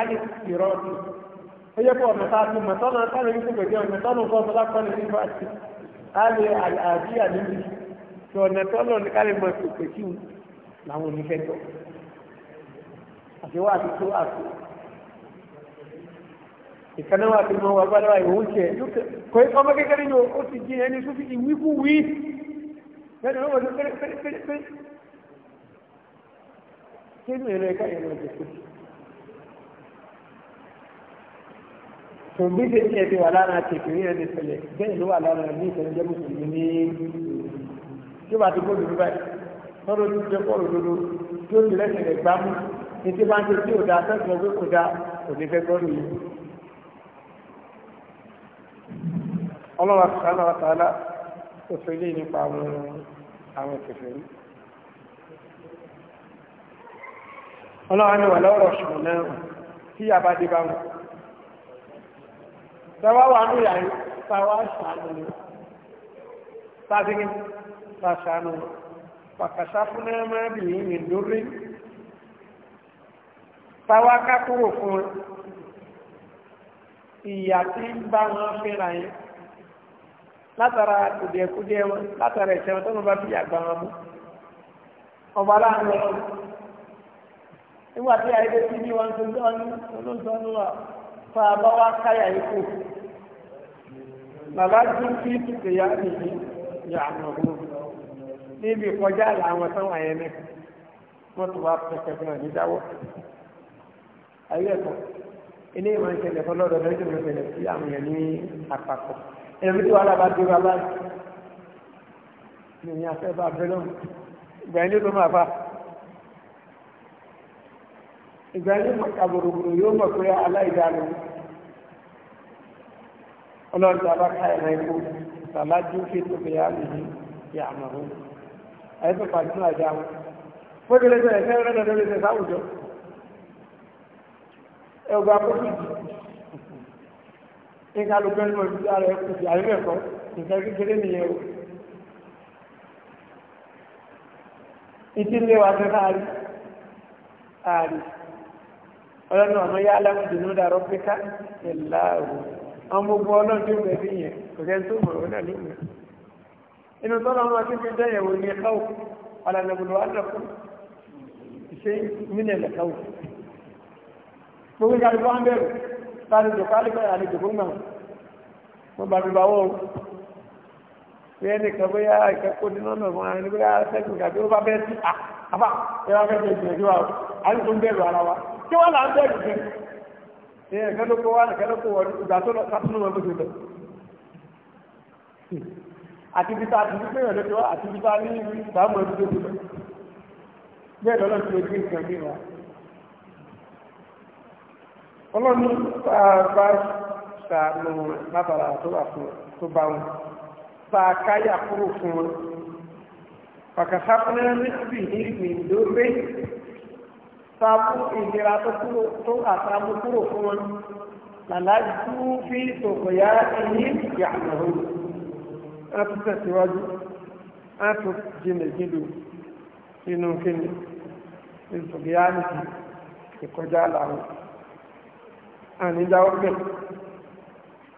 àti ó yẹ kó ọ̀nà táà ti mọ̀ tọ́nà táà lórí fún pẹ̀lú ọ̀nà tọ́nà kan sọ lápá nínú ìfà a àlè àbí àlejò tí ọ̀nà tọ́nà ní kálí mọ̀ sí pẹ̀lú ìwù a onífẹ́ tọ́ àtiwá àti tó àti ìkànnì wa ti mọ wà gbọ́dọ̀ wa ìwò oúnjẹ kò é ọmọ kékeré ni ó ti jí ẹni sófin ìwíkú wí bẹ́ẹ̀ ni wọ́n wọ́n ti pérépérépéré kí ni èrè ẹ̀ka ìrìn àjò sófin. tó bí ṣe ṣe ti wà lára kèkèrè ẹni pẹ̀lẹ́ bẹ́ẹ̀ ló wà lára ní ìfẹ̀lẹ́jẹ́ mùsùlùmí ní tí wàá ti gbọ́dọ̀ ní báyìí lọ́dọ̀ tó jẹ́ kọ́rọ̀ dodo tí ó ti lẹ́sẹ̀ rẹ̀ gbámú ní tí bá ń ṣe tí ò da sẹ́sìn ọgbẹ́ kò da kò ní fẹ́ gbọ́dọ̀ yìí. ọlọ́wà sàánà wa tààlà ó fi lé nípa àwọn àwọn kèfèrí. ọlọ́wà ni wà lọ́rọ̀ ṣùgbọ́n náà tí yàbá dé bá wọn tẹ́wọ́ wà ní ìyá yìí táwa ṣàánú ni tàbí ní ta ṣàánú pàkàṣà fún ẹ̀mọ́ ẹ̀bìyí ní lórí táwa ká kúrò fún ìyá tí ń bá wọn fẹ́ra yìí látara kùdìẹ̀kùdìẹ̀ wọn látara ìṣẹ́ wọn tó ń bá fi àgbà wọn mú ọba láàrin wọn nígbà tí àyẹ̀dẹ́ ní wọn tó ń sọ ní olóńtọ́ tá a bá wá káyà ikú bàbá tún fi tùkè yá nìyí yà àmọ̀gbọ́n níbi ìkọjá làwọn táwọn ayẹyẹ náà wọ́n tún wá pẹ̀kẹ́ fún àmì dáwọ́ ayé ẹ̀kọ́ ilé ìmọ̀ ìṣẹ̀lẹ̀ fọlọ́dọ̀ lẹ́yìn tó ṣẹlẹ̀ sí àwọn èèyàn ní àpapọ̀ ẹ̀mí tí wàhálà bá dé bàbá yìí ni ìyẹn afẹ́ bá bẹ́lọ́mù ìgbà yẹn ló máa fà ìgbà yóò mọ̀ kàbòrògbòrò yóò mọ̀ pé aláìdáàlú ọlọ́run tàbá káyọ̀ náà kó tàlájú kí tó fi yá lè ní yà àmà hó ẹ̀fẹ́ pàtó àjá wọn fókèlè tó ẹ̀fẹ́ rẹ̀ lọ́dọ̀ lè tẹ̀sán àwùjọ ẹ̀gbà kókì ní kálukú ẹni mọ̀ sí ara ẹ̀kú sí àríwẹ̀ nǹkan kékeré nìyẹn o ìdílé wa fẹ́ fáàrí ààrí ọlọ́nà ọmọ yá alámùdùnú dàrọ́ pẹ́ká ìlàáwò ọmọ ogun ọlọ́run tó bẹ̀rẹ̀ yẹn kò kẹ́ tó mọ̀ ọ́nà ló mọ̀ inú tọ́lọ́ wọn tó fi dẹ́yẹ̀wò ní káwù ọ̀làdàgbòdò àdàkù ìṣe mílẹ̀ káwù gbogbo ìgbà ló ń bẹ̀rù láti dòkó alẹ́kọ̀ọ́ àlejò fún mọ̀ mo bàbí bàwọ́ o bí ẹnì kan bóyá ìkẹ́kọ̀ọ́ dín lọ́nà fún ara ẹni bóyá sẹ́kùn kàbí ó bá bẹ́ẹ̀ sí àbá ẹ bá fẹ́ẹ́ kí wọ́n là ń bẹ̀rù jẹ ẹ̀ kẹ́lókò wà ní kẹ́lókò wọ̀ ní ìgbà tó lọ sátúnú wọn lóṣù lọ. àti ibi tá a ti fi péré àti ibi ní ẹbí lọ. nǹkan bí wa. ọlọ́ni a bá sàánú tó fún tó sábú ìlera tó àtàbù kúrò fún wọn làlájú fi tòkòyá ẹni ìyá àmàrò wọn tún tẹ̀síwájú wọn tún jìnà jìlù inú kíni ìtòkòyá nìkì ìkọjá làwọn àníjáwọ́ bẹ̀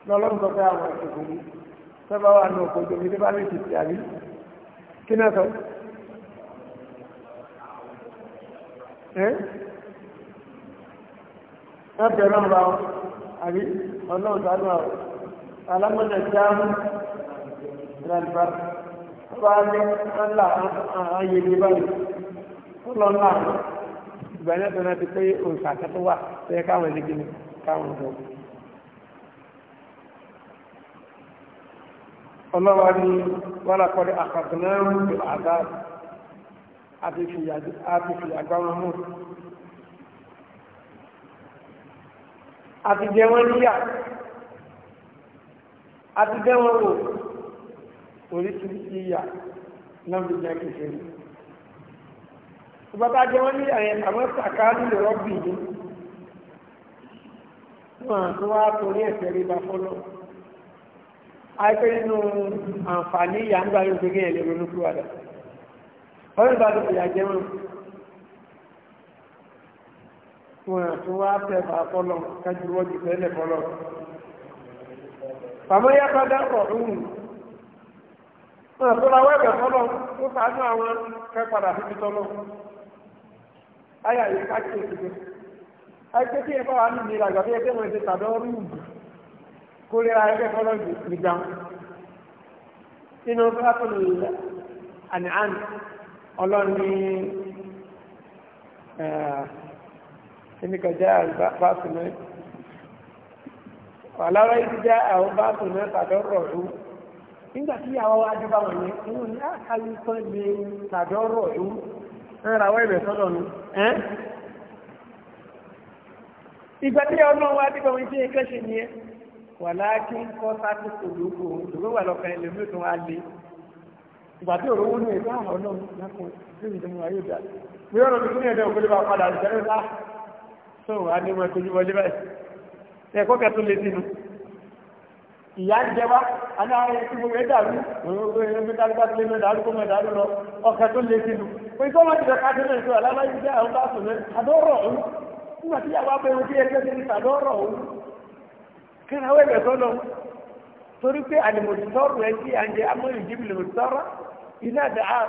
lọ́lọ́run sọ pé àwọn ìṣòkòrí sábà wà ní òkòjò mi tó bá kí náà sọ ẹ̀bẹ̀ náà bá àbí ọlọ́run sánú àwọn alámọ̀nà jáàmù ìrànlọ́bà ọba ní ńlá ayé ní báyìí ńlọ ńlá àwọn ìgbà náà tó náà ti pé òǹkà kẹtọ wà tó yẹ káwọn ẹni gbé káwọn ọ̀dọ́. ọlọ́wà ni wọ́n lakọ́ni àti àgbà wọn mú àti jẹ wọn níyà àti jẹ wọn wò oríṣiríṣi ìyà náà ló jẹ kéṣe ní ìbátá jẹ wọn níyà yẹn àwọn sàkà nílò rọbì ní wọn tó wá torí ẹsẹ rí bá fọlọ àìpé nínú àǹfààní ìyà ń gbà yóò gbé kéèyàn lè ronú kúrò ọ̀rẹ́ ìbá ti wọn wọn àti wọn á tẹ kájú wọn jù fẹlẹ fọlọ bàmọ yá padà pọ òun wọn àti wọn awẹbẹ fọlọ ó sàánú àwọn kẹpadà fífi ayà yìí ìlàjọ bí ẹgbẹ́ wọn ti tàbí ọrú ìbù kó lè ra ẹgbẹ́ ọlọ́ni ẹnìkọjá báṣù náà ọ̀lára ìdíjá àwọn báṣù náà tàdọ́rọ̀rú nígbà tí àwọn adébá wọn ní inú ah, ní àkàlùkọ́ lè tàdọ́rọ̀rú ẹ̀rọ àwọn ẹ̀rẹ̀ sọ́dọ̀ nù ìgbà tí ọmọ wa adébá wọn tí ẹ̀kẹ́ ṣe ni ẹ ìgbà tí òrówó ní ẹgbẹ́ àwọn ọlọ́run lákùn tí ìdí mú ayé dà mí ọ̀rọ̀ mi fún ẹ̀dẹ́ òkúlé bá padà ìṣẹ́rẹ́ lá tó wà ní wọn tójú wọlé báyìí ẹ̀kọ́ kẹtù lè sínú ìyá ń jẹ wá aláàárẹ̀ tí mo rẹ̀ dàrú òróró ẹgbẹ́ kálíkà tó lé mẹ́ta arúgbó mẹ́ta arú lọ ọkẹ tó lè sínú pé tó wọ́n ti rẹ̀ kájú náà tó aláàárẹ̀ jẹ́ àwọn bá sùn mẹ́ òun nígbà tí yàrá bẹ ohun tí ẹgbẹ́ ti ní àdọ́rọ̀ òun kí ni àwọn ẹgbẹ́ tó torí pé àlèmọ̀tì sọ́ọ̀rù ẹ sí à amóhùn ìdíbìlì mọ̀tì sọ́ọ̀rọ̀ iná dáa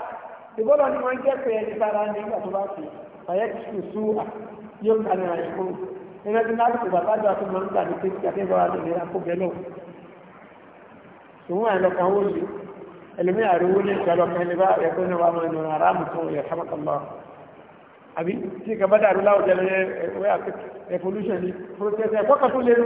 ìgbọ́dọ̀ ni wọ́n jẹ́ pé ẹni sára ní ìgbà tó bá fi ọ̀yẹ́ ti sùn sú à yóò gbà ní àyè fún un ẹgbẹ́ tí lásìkò bàbá àjọ àti mọ̀ ń gbà ní pé kí akẹ́kọ̀ọ́ wa lè ní akóbẹ́ náà ṣùgbọ́n àìlọ́ kan wó lè ẹlẹ́mí àríwó lè ṣàlọ́ kan ní bá ẹ̀kọ́ ní wa máa nùrọ̀ aráàmù tó yẹ kámọ́kànlá àbí tí ìkà bá dàrú láwùjọ lọ yẹ ẹwẹ́ ẹ̀fọ́lúṣẹ̀ ní protest ẹ̀kọ́ kan tó lérú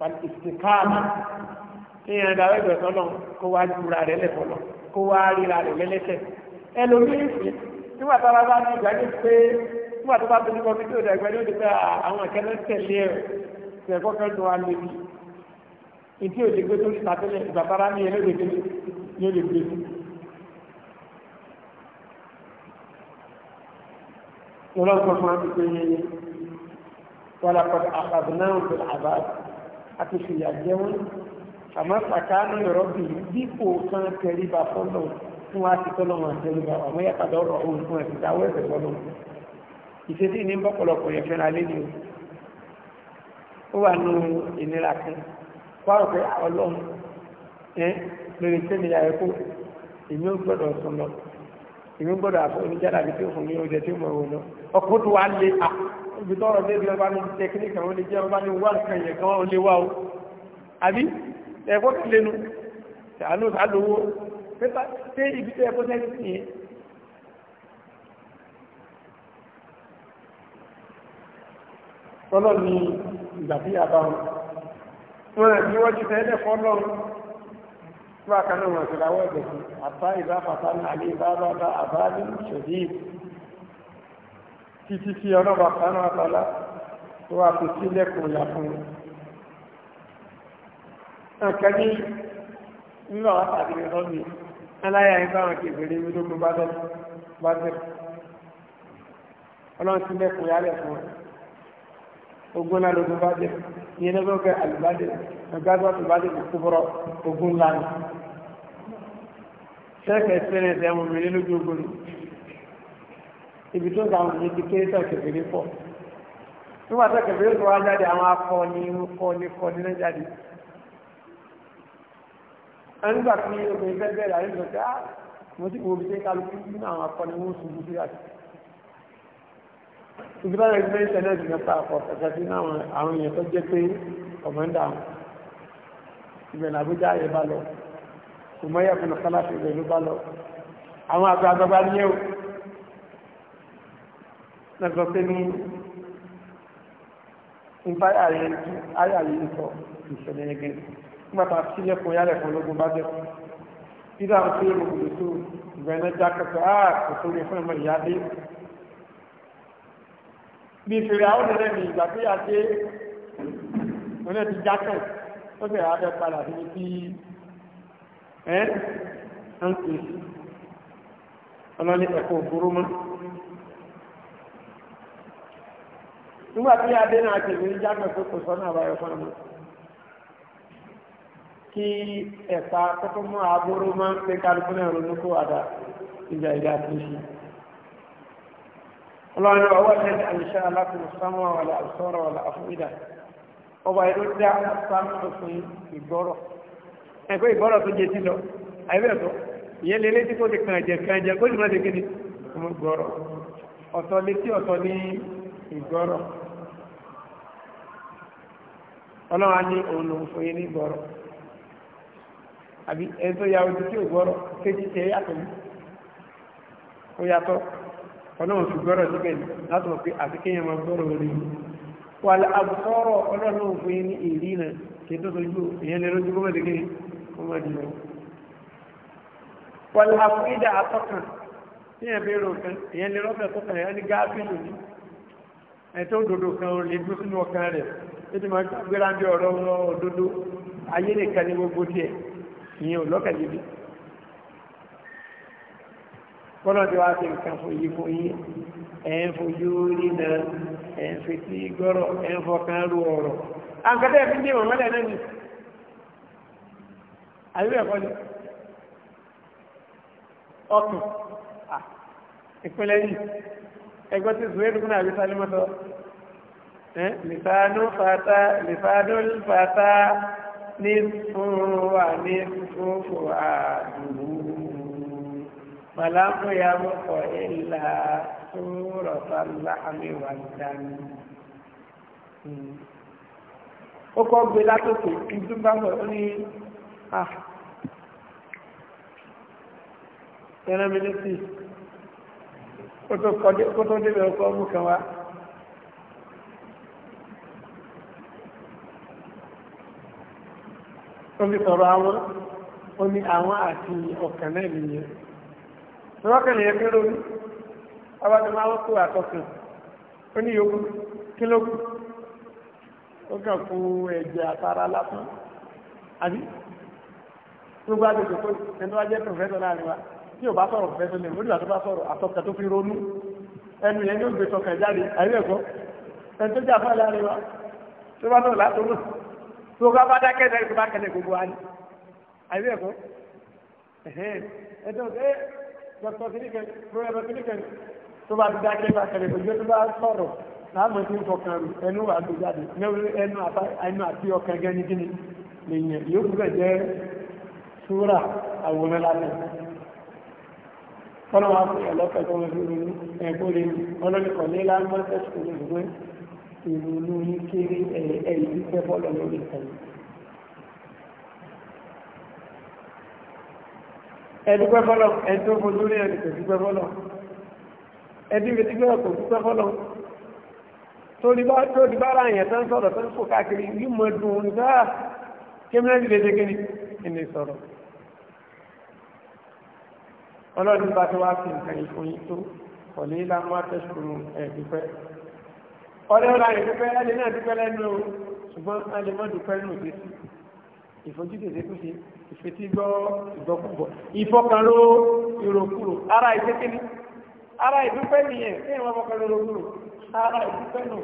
pàtìsìkáàmù ìyẹn ìdáwọ́ ìgbẹ̀ sọ́nà kó wá jura rẹ̀ lẹ̀ fọlọ́ kó wá ríra rẹ̀ lẹ́lẹ́sẹ̀ ẹlòmíín fi nígbà tó bá bá ní ìgbà ní pé nígbà tó bá tó ní kọ́ fídíò rẹ̀ gbẹ́ ní òde pé àwọn ìkẹ́lẹ́ tẹ̀lé ẹ̀ ṣẹ̀kọ́ kan tó wá lébi ìdí òde gbé tó níta tẹ́lẹ̀ ìgbà bára ní ẹlẹ́gbẹ̀ tó ní ó lè gbé àti fìyà jẹ wọn àmọ́ sàkánù ìrọ́bì dípò kan tẹríba fọ́lọ̀ fún wa ti tọ́lọ́ wọn tẹríba àwọn yẹ padà ọ̀rọ̀ òun fún ẹ̀sìn táwọn ẹ̀sẹ̀ fọ́lọ̀ ìṣesí ní bọ́pọ̀lọpọ̀ yẹn fẹ́ra lé ní o ó wà nù ìnira kan wá rò pé ọlọ́run ẹ lórí tẹ́lẹ̀ yà ẹ̀kọ́ èmi ò gbọ́dọ̀ sùn lọ èmi ò gbọ́dọ̀ àfọ oníjàdàbí tí ó fún mi ó jẹ tí ó mọ̀ ọ́ lọ ọkùnrin ibi tọ́rọ̀ débi ọba ní tẹkíníkì àwọn olèjẹ́ ọba ní wà nǹkan yẹn kan olè wá o àbí ẹ̀kọ́ ti lẹ́nu ṣàánú ṣàlówó pẹ́pà pé ibi tẹ́ ẹ̀kọ́ sẹ́yìn sí yẹn. tọ́lọ́ ni ìgbà tí yàbá wọn wọn àti wọ́n ti fẹ́ lẹ́fọ́ lọ́rùn fún àkànnà wọn àti ìdáwọ́ ẹ̀bẹ̀ sí àbá ìbá fàtà náà àbí ìbá bá títí tí ọlọ́ba kaná àtàlá tó wà fi sílẹ̀kùn ìyà fún un nǹkan ní nínú àwọn àtàdé ọ̀nì aláyà ń báwọn kèfèrè mílógún bá bẹ́ẹ̀ ọlọ́run sílẹ̀kùn ìyà rẹ̀ fún un ogun náà lógún bá bẹ́ẹ̀ ìyẹn lọ́gbọ́n kẹ́ àlùbádé ọgbádùn àlùbádé kò kúbọ̀rọ̀ ogun lánàá sẹ́kẹ̀ẹ́ sẹ́rẹ̀ ẹ̀sẹ̀ ọmọ lójú ogun ni ibi tó ń ga òun ti kéré tó kẹfìrí pọ̀ nígbà tó kẹfìrí tó wá jáde àwọn akọni kọni kọni náà jáde nígbà tí obìnrin fẹ́ bẹ̀rẹ̀ àyè lọ́sẹ̀ á ah, mo ti kò bí ṣe kálukú nínú àwọn akọni wọn ṣubú sí àti ìgbà rẹ̀ gbé ìṣẹ̀lẹ̀ ìgbà pa àpọ̀ kẹ̀kẹ́ sí àwọn èèyàn tó jẹ́ pé ọmọ ìbẹ̀rẹ̀ àbújá yẹn bá lọ kò mọ́ yẹ kùnà kálá lọ́sọ pé ní nípa ayà yìí sọ ìṣẹ̀lẹ̀ ẹgbẹ́ nígbà tá a sílẹ̀ fún yálẹ̀ fún ológun bá jẹ́ nígbà tó yẹ gbogbo lóṣù ìgbẹ́nà já kẹsẹ̀ á kò tó yẹ fún ọmọ ìyá dé bí fèrè àwọn ọ̀nẹ́rẹ́ mi ìgbà tó yà dé ọ̀nà ti já kẹ̀ ó sì rà á padà síbi tí ẹ́ ń pè ọlọ́ni ẹ̀kọ́ òfurufú nígbà tí adé náà ti rí jágbọ̀n pé kò sọ́nà àbáyọ fún ọmọ kí ẹ̀ka kọ́kọ́ mọ́ àbúrò máa ń pé kálukú náà ronú kó àdá ìjà ìjà tó ṣe. ọlọ́run ọwọ́ ẹ̀ṣẹ́ àyíṣẹ́ alákùnrin sámúwà wàlà àṣọ́rọ̀ wàlà àfúrídà ọba ìlú dá sámúwà fún ìgbọ́rọ̀ ẹ̀kọ́ ìgbọ́rọ̀ tó jẹ sí lọ àìbẹ̀ẹ̀kọ́ ìyẹn lè létí kó ti kàn jẹ kàn jẹ kó ti má ti kéde ọmọ gbọ́rọ̀ ọ̀tọ̀ létí ọ̀tọ̀ ní ìgbọ́rọ̀ ọlọ́wà ní òun fún yín ní gbọ́rọ̀ àbí ẹni tó ya ojú tí ò gbọ́rọ̀ kéjì tẹ yàtọ̀ mú ó yàtọ̀ ọlọ́run fi gbọ́rọ̀ síbẹ̀ láti pé àti máa gbọ́rọ̀ yìí wà á ọlọ́run fún yín ní èrí náà kí tó sojú ìyẹn lè lójú gómìnà má di lọ. wà á àtọ́kàn kan ìyẹn lè ní gáàfin lòdì ẹ̀ kan ò lè dúró sínú títí máa gbéra bí ọ̀rọ̀ wọn òdodo ayé nìkan ní gbogbo tiẹ̀ ìyẹn ò lọ́kàn níbi kọ́nà tí wàá fi nǹkan foyí foyí ẹ̀ ń fojú rí náà ẹ̀ ń fetí gbọ́rọ̀ ẹ̀ ń fọkàn rú ọ̀rọ̀ àǹkàtà ẹ̀fín dé màmá lẹ́nu ni àyẹ̀wò ẹ̀kọ́ ni ọkàn ìpínlẹ̀ yìí ẹgbẹ́ tí zùwé dùkú náà àbí sálímọ́tọ́ Eh, lìfàánú fata lìfàánú fata ní fún wa ní fún fún àdúgbò ya mú kọ ìlà sóòrọ̀ sálá àmì wà dání. ó kọ́ gbé látòkè kí tún bá bọ̀ ní à ah. ẹran mi létí kó tó débẹ̀ ọkọ̀ mú kan wá. omi sọ̀rọ̀ àwọn omi àwọn àti ọ̀kàn náà nìyẹn lọ́kàn nìyẹn kí ló ní ọba tó máa ń kó àtọkùn ó ní yòókù kí ló kù ó kàn fún ẹ̀jẹ̀ àtàrà lásán àbí gbogbo agbègbè kó ẹni wá jẹ́ pòfẹ́sọ̀ láàrin wa tí ò bá sọ̀rọ̀ pòfẹ́sọ̀ lè lórí àtúbá sọ̀rọ̀ àtọkùn tó fi ronú ẹnu yẹn ló gbé sọkàn jáde àyẹ̀kọ́ ẹni tó jà fún ẹ̀ láàrin wa tó bá sọ̀rọ̀ látọ̀ náà tó bá bá dákẹ́ dákẹ́ tó bá kẹlẹ̀ gbogbo wa ni àbí ẹ̀kọ́ ẹ̀dọ́ ẹ dọ́kítọ̀ kìnìkẹ́ pírọ̀lẹ́bọ̀ kìnìkẹ́ tó bá ti dákẹ́ bá kẹlẹ̀ gbogbo tó bá sọ̀rọ̀ láàmú tí ń fọkàn rù ẹnu wà tó jáde ẹnu àti ọkàn gẹ́ni Ni lèyìn yóò gbúgbẹ̀ jẹ́ súrà àwòrán lálẹ́ kọ́nà wà fún ẹ̀lọ́pẹ̀ tó ń rú ẹ̀kọ́ lè ọlọ́nìkọ̀ ní lámọ́ tẹ́sùkú ní ìgbẹ́ ìrònú yín kéré ẹ̀yìn pípẹ́ bọ́ọ̀lù lórí ìtàn. ẹ̀dúpẹ́ bọ́ọ̀lù ẹ̀dúpẹ́ fojú rí ẹ̀dùn kò dúpẹ́ bọ́ọ̀lù ẹ̀dí mi dúpẹ́ kò dúpẹ́ bọ́ọ̀lù torí bá tó di bára yẹn tán sọ̀rọ̀ tán kò káàkiri yìí mọ̀ dùn ún sáà ah, kémìnẹ́sì lè dégé ni ẹni sọ̀rọ̀ ọlọ́run bá tó wá fi nǹkan ìfòyín tó kọ̀lé lámọ́ àtẹ́sùn ẹ̀dúpẹ́ ọ̀rẹ́ ra ìdúpẹ́ ẹni náà dúpẹ́ lẹ́nu o ṣùgbọ́n a lè mọ́ dúpẹ́ nù sí sí ìfojúdèdè kú ṣe ìfetígbọ́ ìgbọ́kúgbọ́ ìfọkànró ìròkúrò ara ìdúpẹ́ ara ìdúpẹ́ nìyẹn kí ìwọ́n fọkànró ìròkúrò ara ìdúpẹ́ nù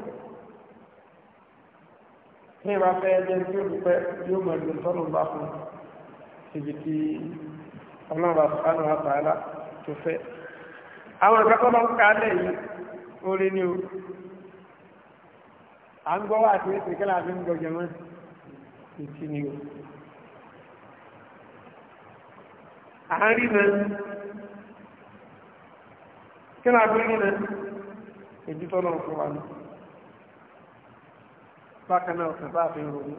ní ìwà fẹ́ ẹjẹ́ tí ó dúpẹ́ yóò mọ̀ ìlú tọ́nù bá fún ibi tí ọlọ́run àánú àtàlá tó fẹ́ àwọn ìfẹ́kọ́ bá ń kálẹ̀ yìí orí ni o à ń gbọ́ wà sí ètò kí ń gbọ́jọ mọ́ ìtì ni o à ń rí mọ́ kí láti rí mọ́ èjì tó lọ́n wa ní bákan náà bá fi ń ronú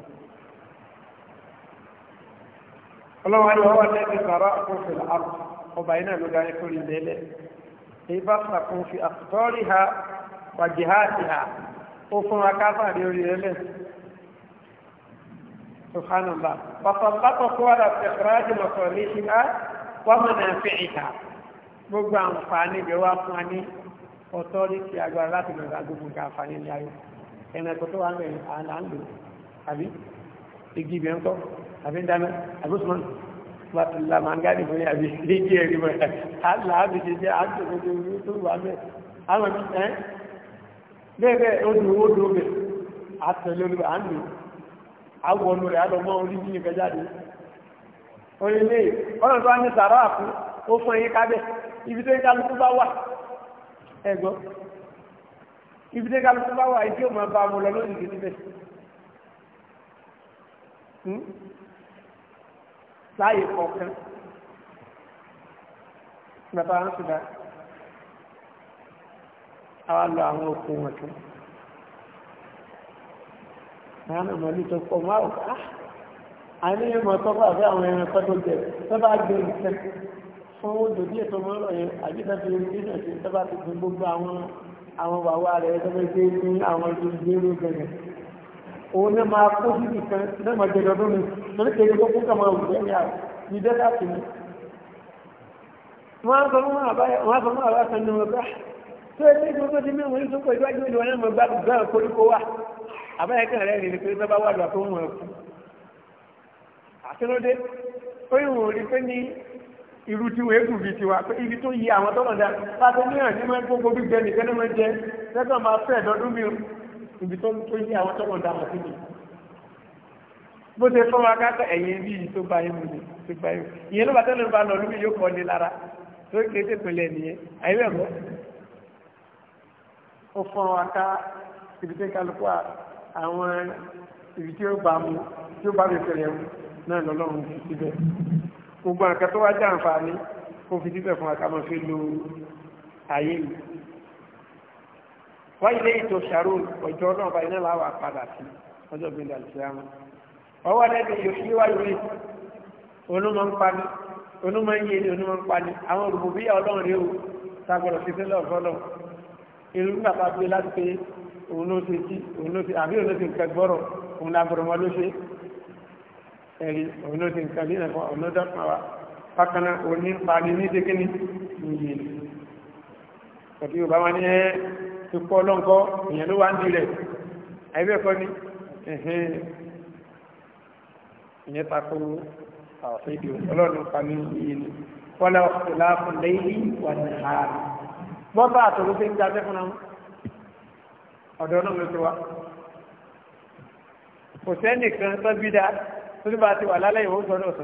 ọlọ́wọ́n ni wọ́n wà lẹ́yìn ìgbàrá àkóso ha ha ó fún wa káfà ní orí ẹlẹ́ sùhánàlá pàtàkì kọ́wàdà tẹ̀kọ́rájì lọ́sọ̀ ní ṣíká wọ́n mọ̀ náà fi ìta gbogbo àǹfààní bẹ̀ wá fún wa ní ọ̀tọ́ ní ti agbára láti lọ́gbà gbogbo nǹkan àǹfààní ní ayé ẹ̀rẹ̀kọ́ tó wà ń bẹ̀rẹ̀ àlà ń lò àbí igi ibẹ̀ ń kọ́ àbí ń dáná àbí òsùnmọ́ láti la máa ń gáàdì fún àbí igi ẹ̀rí mọ̀ àlà àbí ṣe jẹ́ àjọ gbogbo tó wà bẹ̀ àwọn ẹ̀ bẹ́ẹ̀ bẹ́ẹ̀ ó dùn ó dùn bẹ́ẹ̀ àtẹ̀lé olùgbà á lò àwọ̀ ọ̀nù rẹ̀ àlọ́mọ́ orí yìí nìkan jáde orílẹ̀ tó wá ní sàrọ́ àkú ó fún ẹyí kábẹ̀ ibi tó ń kálukú bá wà ibi tó ń kálukú bá wà ìdí òun bá lọ lónìí kìíní àwa lọ àwọn oko wọn tó àwọn ọmọlú tó pọ̀ máa wà á ní ìmọ̀ tó bá fẹ́ àwọn ẹranko tó jẹ tó bá gbé ìṣẹ́ fún owó dòdí ètò mọ́ ọ̀rọ̀ yẹn àjíṣẹ́ fi orí nínú ẹ̀sìn tó bá ti fi gbogbo àwọn àwọn bàbá rẹ̀ tó fẹ́ gbé ní àwọn ìlú ìgbéró bẹ̀rẹ̀ òun náà máa kó síbi kan náà máa jẹjọ lónìí lórí kejì tó kún kàmá òkú ẹ̀yà ní dẹ́sà tì mí. wọ́n á sọ fún àbáyọ̀ wọ́n á sọ fún àbáyọ̀ tó ẹgbẹ́ ìgbìmọ̀ tó ti mí wọn tó kọ ìwájú ìlú wọn náà mọ̀ gbá gbá koríko wa àbáyé kan rẹ̀ rèé pé bábá wà lọ fún wọn kú àtúndé ó yìí wọn rí pé ní irú tí wọn èkú fi tiwa pé ibi tó yí àwọn tọ́nà dá pàṣẹ ní àná ní wọn gbogbo gbígbẹ nìkan ní wọn jẹ lẹ́tọ̀ máa fẹ́ dọ́dún mi ibi tó yí àwọn tọ́nà dá mọ̀ síbi bó ṣe fọwọ́ akáta ẹ̀yìn bí tó bá yín mu ni tó bá yín mu ìyẹn ló bá tẹ́lẹ̀ bá lọ lóbi yóò kọ́ ni lára tó kéde pẹ̀lẹ́ nìyẹn àyẹ̀wò ó fọ́n wa ká ibi tí kálukú àwọn ibi tí ó bá mu tí ó bá lè fẹ̀rẹ̀ mu náà lọ́lọ́run fi síbẹ̀ gbogbo nǹkan tó wá jẹ́ àǹfààní kó fi síbẹ̀ fún wa ká máa fi lo ayé yìí wáyé lẹ́yìn tó ṣàrò ọjọ́ náà báyìí náà láwà padà sí ọjọ́ gbẹ̀dẹ̀ àti àwọn ọwọ́ lẹ́bi yòókì wáyé rẹ̀ onímọ̀ ń pani onímọ̀ ń yé ni onímọ̀ ń pani àwọn olùbùbíyà o tá a gbọ́dọ̀ fi sílẹ̀ ọ̀fọ́ náà irú nàpá gbé láti pé òun ló ṣe tí òun ló ṣe àbí òun ló ṣe nǹkan gbọ́rọ̀ òun náà gbọ́rọ̀ mọ́ ló ṣe ẹ̀rí òun ló ṣe nǹkan bí ẹ̀fọ́ òun ló dọ́kàn wa bákan náà òun ní pani ní dékíní nìyí tàbí Yorùbá ní ẹ ti pọ́ lọ́nkọ́ èèyàn ló wá ń di rẹ̀ àìbẹ́ẹ̀kọ́ ni ìyẹn tako àwọn fídíò ọlọ́run pani nìyí ni wọ́n lọ láàfin lẹ́yìn wà ní àárín bọ́bá àtọ̀rọ̀ fi ń ga tẹ́fúnra wọn ọ̀dọ̀ náà ló ti wá kò sẹ́nìkan tọ́bí dáa tó ní bá ti wà lálẹ́ ìwọ́n sọ́dọ̀ sọ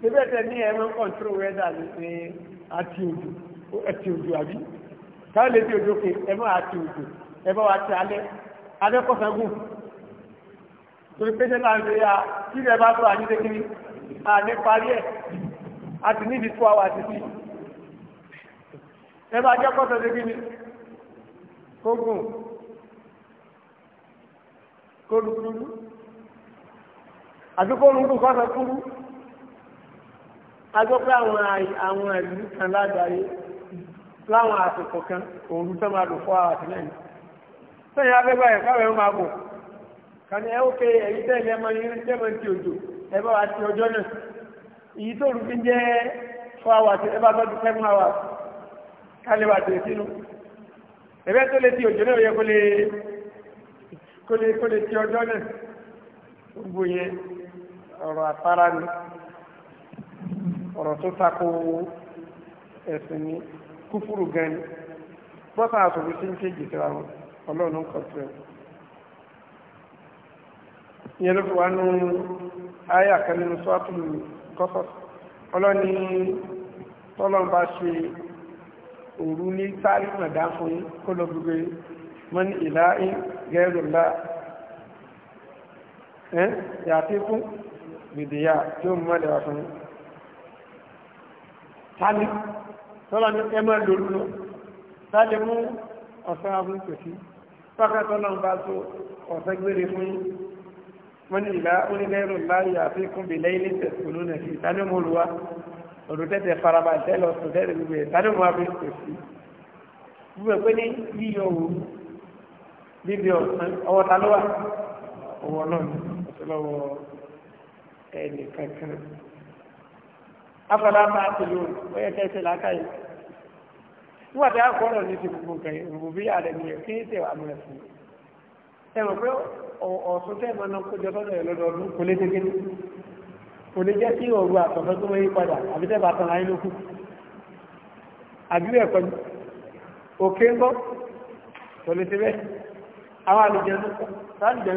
síbẹ̀ tẹ ní ẹ̀rọ kọ̀ntró wẹ́dà ní àti òjò àti òjò àbí táwọn lè fi òjò pé ẹ̀mọ àti òjò ẹ̀mọ wa ti alẹ́ adẹ́kọ̀sẹ́gùn torí pé sẹ́nà ń lè ya kí lè bá tó àníṣe kiri àní parí ẹ̀ àti níbi tó àwọn àti sí i ẹ bá jẹ́ kọ́sọ̀ sí kíni kógùn kólukúlú àti kólukúlú kọ́sọ̀ kúlú a gbọ́ pé àwọn àwọn ìlú kan lágbàáyé láwọn àsìkò kan òru tó máa lò fọ́ àtìlẹ́yìn sẹ́yìn agbẹ́gbẹ́ ẹ̀ káwẹ̀ máa bò kàní ẹ ókè èyí tẹ́lẹ̀ ẹmọ yìí tẹ́mọ̀ ti òjò ẹ wa ti ọjọ́ náà èyí tó rú fi jẹ́ fọ́ àwàtì ẹ bá tọ́jú seven hours kálíwà tẹ̀ sínú ẹ̀fẹ́ tó lè ti òjò náà yẹ kó lè kó lè kó lè ti ọjọ́ náà gbogbo yẹn ọ̀rọ̀ àfárá ni ọ̀rọ̀ tó tako ẹ̀sìn ni kúfúrú gan ni bọ́sà àtòkù sí ń ṣe jìtìra wọn ọlọ́run kọ̀ tó ẹ̀ ìyẹn ló fi wá nú ayà kan nínú sọ́ọ̀tù ọlọ́ni tọ́lọ́n bá ṣe òru ní sáré mọ̀dá fún yí kó lọ gbogbo mọ́ni ìlàáyí gẹ́rùlá ẹ́ yàtí fún gbìdìyà tí ó mọ́lẹ̀ wà fún tani tọ́lá ní ẹmọ́ lórí lọ tálẹ̀ mú ọ̀sán abúlé kò sí pákàtọ́lá ń bá tó ọ̀sán gbére fún yí mọ́ni ìlà onílẹ́rùlá yàtí fún bìlẹ́ olùtẹ́tẹ̀ faraba tẹ́lọ tẹ́lẹ̀ gbogbo ẹ̀ tàbí wọn fi kò sí gbogbo ẹ̀ pé ní yíyọ òun bíbí ọ̀sán ọwọ́ ta ló wà ọwọ́ náà ní ọ̀sọ́lọ́wọ́ ẹnì kankan afọlá máa tẹ̀lé òun ó yẹ kẹ́sẹ̀ lákàyè nígbà tí a kọ́ ọ̀rọ̀ ní ti gbogbo nǹkan yìí gbogbo bí ààrẹ mi kí ní tẹ̀wà mọ̀ ẹ̀sìn ẹ mọ̀ pé ọ̀sùn tẹ̀ mọ́ kó jọ kò lè jẹ́ sí òru àtọ̀fẹ́ tó wáyé padà àbítẹ́bà tán láyé lókù àbílẹ̀ ẹ̀kọ́ òkè ń bọ́ kò lè ti bẹ́ àwọn àlùjẹ̀nu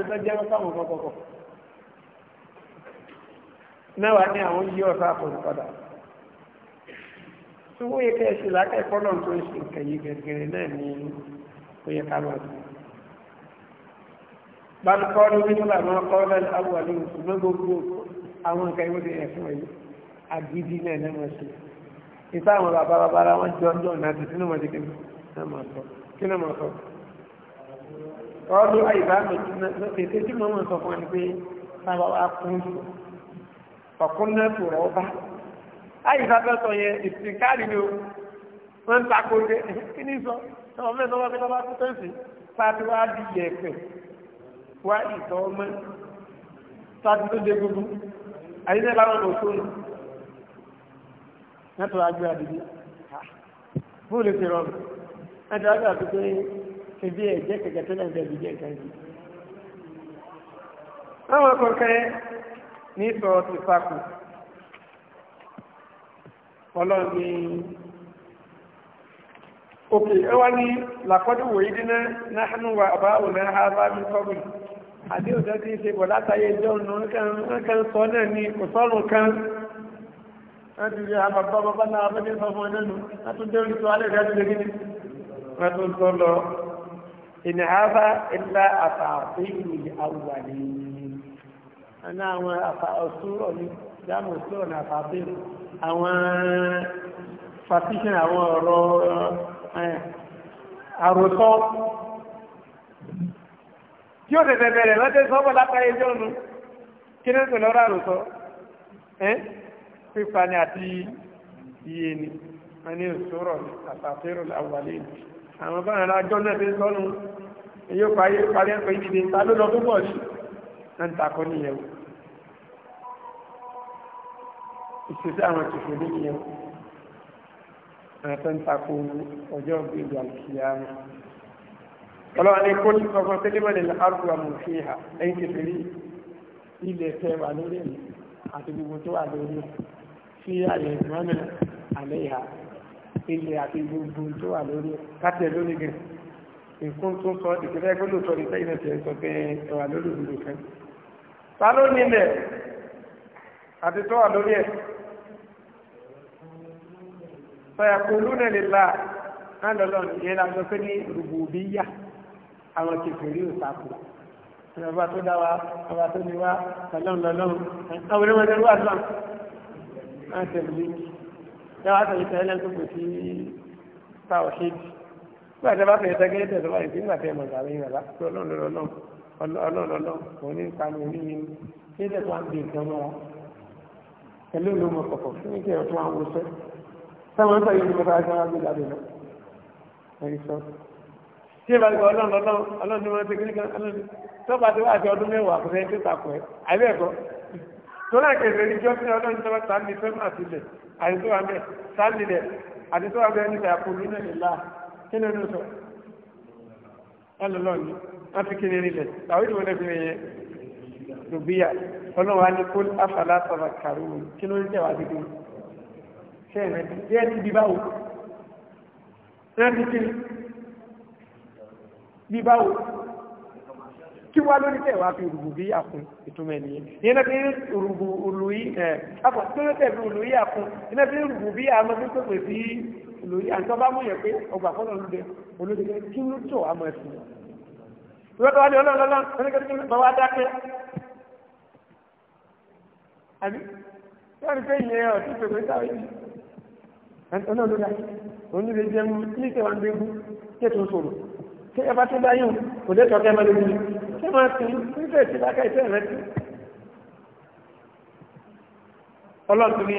tó jẹ́ sáwọn kọ̀kọ̀kọ̀ mẹ́wàá ní àwọn yí ọ̀sá àpòlù padà tí wọ́n yẹ kẹ́ẹ̀ṣì lákẹ́ẹ̀kọ́ náà tó ń ṣe kẹ̀yí gẹ̀gẹ̀rẹ̀ náà ní oyè kámọ́sí bá ń kọ́ lórí nígbà máa kọ́ lẹ́nu àwọn àlejò ṣùgbọ́n gbogbo àwọn nǹkan ìwé ti ẹ̀sùn ẹ̀yí agidi náà náà mọ̀ sí ìta àwọn bàbá bàbá ara wọn jọ jọ náà ti sínú mọ̀ sí kí náà mọ̀ sọ kí náà mọ̀ sọ. ọdún àyíká tètè tí mo mọ̀ sọ fún ẹni pé sábà wà kún ọkùnrin náà tó rọ̀ ni o wọ́n ń takò dé kí ni sọ ọmọ mẹ́ta wá fẹ́ lọ́wọ́ kú tẹ̀sí pàtó wá di yẹ̀ẹ̀kẹ̀ wá ìtọ́ ọmọ tó dé gbogbo. àyíṣẹ́ láwọn òṣòrò mẹ́tọ̀ agbé ha fún lè fi rọrùn mẹ́tọ̀ agbé àti pé kébí ẹ̀ jẹ́ kẹ̀kẹ́ tẹ́lẹ̀ ń bẹ̀rẹ̀ jẹ́ kẹ́kẹ́ yìí àwọn kọ̀ọ̀kẹ́ ní sọ ti fakù ọlọ́ọ̀ni òkè ẹwà ní làkọ́dúnwò yìí dínà náà nù wà àbáwò ha bá mi àti òjò tí ń ṣe bọ̀ látàyé ìjọ nǹkan sọ náà ni kò sọ́rùn kan láti rí àwọn bàbá bàbá náà abẹ́jẹ́ sọ fún ẹnẹ́nu láti dé orí tó alẹ́ rẹ̀ ti lè gíní wọ́n tó sọ lọ ìní àbá ìlà àfààfẹ́ ìlú àwùwàlẹ̀ àná àwọn àfààsúrọ̀ ní dáàmú sí ọ̀nà àfààfẹ́ àwọn fàtíṣàn àwọn ọ̀rọ̀ àròsọ tí ó tẹ̀sẹ̀ bẹ̀rẹ̀ lọ́tẹ́ sọ́bọ̀ látàrí ẹjọ́ nu kí ní pẹ̀lú ọ̀rọ̀ àròsọ ẹ́ pípa ni àti iye ni wọ́n ní òṣòro àtàfẹ́rò àwàlẹ́ ni àwọn bá ara ajọ́ náà ti ń sọ́nu èyí ó parí parí ẹ̀kọ́ ìdílé ta ló lọ tó pọ̀ sí náà ń takọ́ nìyẹn o ìṣesí àwọn kìfò nìyẹn o àwọn tó ń takò ọjọ́ gbèdé àkìyà náà ọlọ́wọ́ ní kó sọ fún tẹ́lẹ̀mọ́lẹ̀ lárúkú àmú fi hà lẹ́yìn kékeré ilẹ̀ tẹ́ wà lórí ẹ̀mí àti gbogbo tó wà lórí fi àyẹ̀ ìmọ̀nà àlẹ́ ìhà ilẹ̀ àti gbogbo tó wà lórí káti ẹ̀ lórí gẹ̀ẹ́ nǹkan tó sọ ìpínlẹ̀ ẹgbẹ́ lóòótọ́ ní sẹ́yìn ẹ̀sẹ̀ sọ pé ẹ wà lórí òdodo kan ta ló nílẹ̀ àti tó wà lórí ẹ̀ sọ̀yà kò lúnẹ̀ lè la á lọ́lọ́ ìyẹn la sọ pé ní rùbùbíyà àwọn kèfèrí ò takò ọba tó dá wa ọba tó ní wa ọlọ́run lọ́lọ́run àwọn onímọ̀ ẹ̀rọ wà lọ́n á tẹ̀lé méjì dáwà tẹ̀lé tẹ̀lé lẹ́nu tó kò sí táwọ̀ ṣéèdì nígbà tí a bá fẹ̀yẹ tẹ́gẹ́ tẹ̀ tó bá yìí nígbà tí ẹ mọ̀ sàrẹ́ yìí bàbá tó ọlọ́run lọ́lọ́run ọlọ́run lọ́lọ́run òun ní nǹkan mi òní yìí ṣé tẹ̀ tó di nǹkan mọ́ra pẹ̀lú tí ìbá gbọ́ ọlọ́run ọlọ́run ọlọ́run ni wọ́n ti kíní kan ọlọ́run tó bá ti wá àti ọdún mẹ́wàá kò sẹ́yìn tó takò ẹ̀ àbí ẹ̀kọ́ tó náà kẹsẹ̀ ní jọ́ sí ọlọ́run tó bá sáà ní fẹ́ máa tilẹ̀ àti tó wà mẹ́ sáà nílẹ̀ àti tó wà mẹ́ níta kò ní náà kí ni ó sọ ọlọ́run wọ́n fi kíni nílẹ̀ tàwọn ìdìbò náà fi rìn yẹn lùbíyà ọlọ́run wa ní kó afàlà sọ̀rọ̀ bí báwo kí wá lórí tẹ̀ wá fi òrùbù bí àkún ìtumọ̀ ènìyàn yẹn náà fi òrùbù olùyí ẹ̀ àpò tó ló tẹ̀ fi olùyí àkún yẹn náà fi òrùbù bí àmọ́ tó pèpè sí olùyí àti ọba mú yẹn pé ọgbà fọlọ́ lóde olóde kí ló tó àmọ́ ẹ̀sìn ìwé tó wá ní ọlọ́ọ̀lọ́lá oníkẹ́kẹ́ bá wá dákẹ́ àbí láti pé ìyẹn ọ̀tún pèpè sáré ọlọ́ọ̀lọ́lá oníkẹ́kẹ́ jẹ́ ní tí ẹ bá tún bá yùn kò dé tọ́kẹ́ mọ́ lórí ṣé máa tún nífẹ̀ẹ́ sí bá káyìí tẹ́lẹ̀ tún. ọlọ́run ní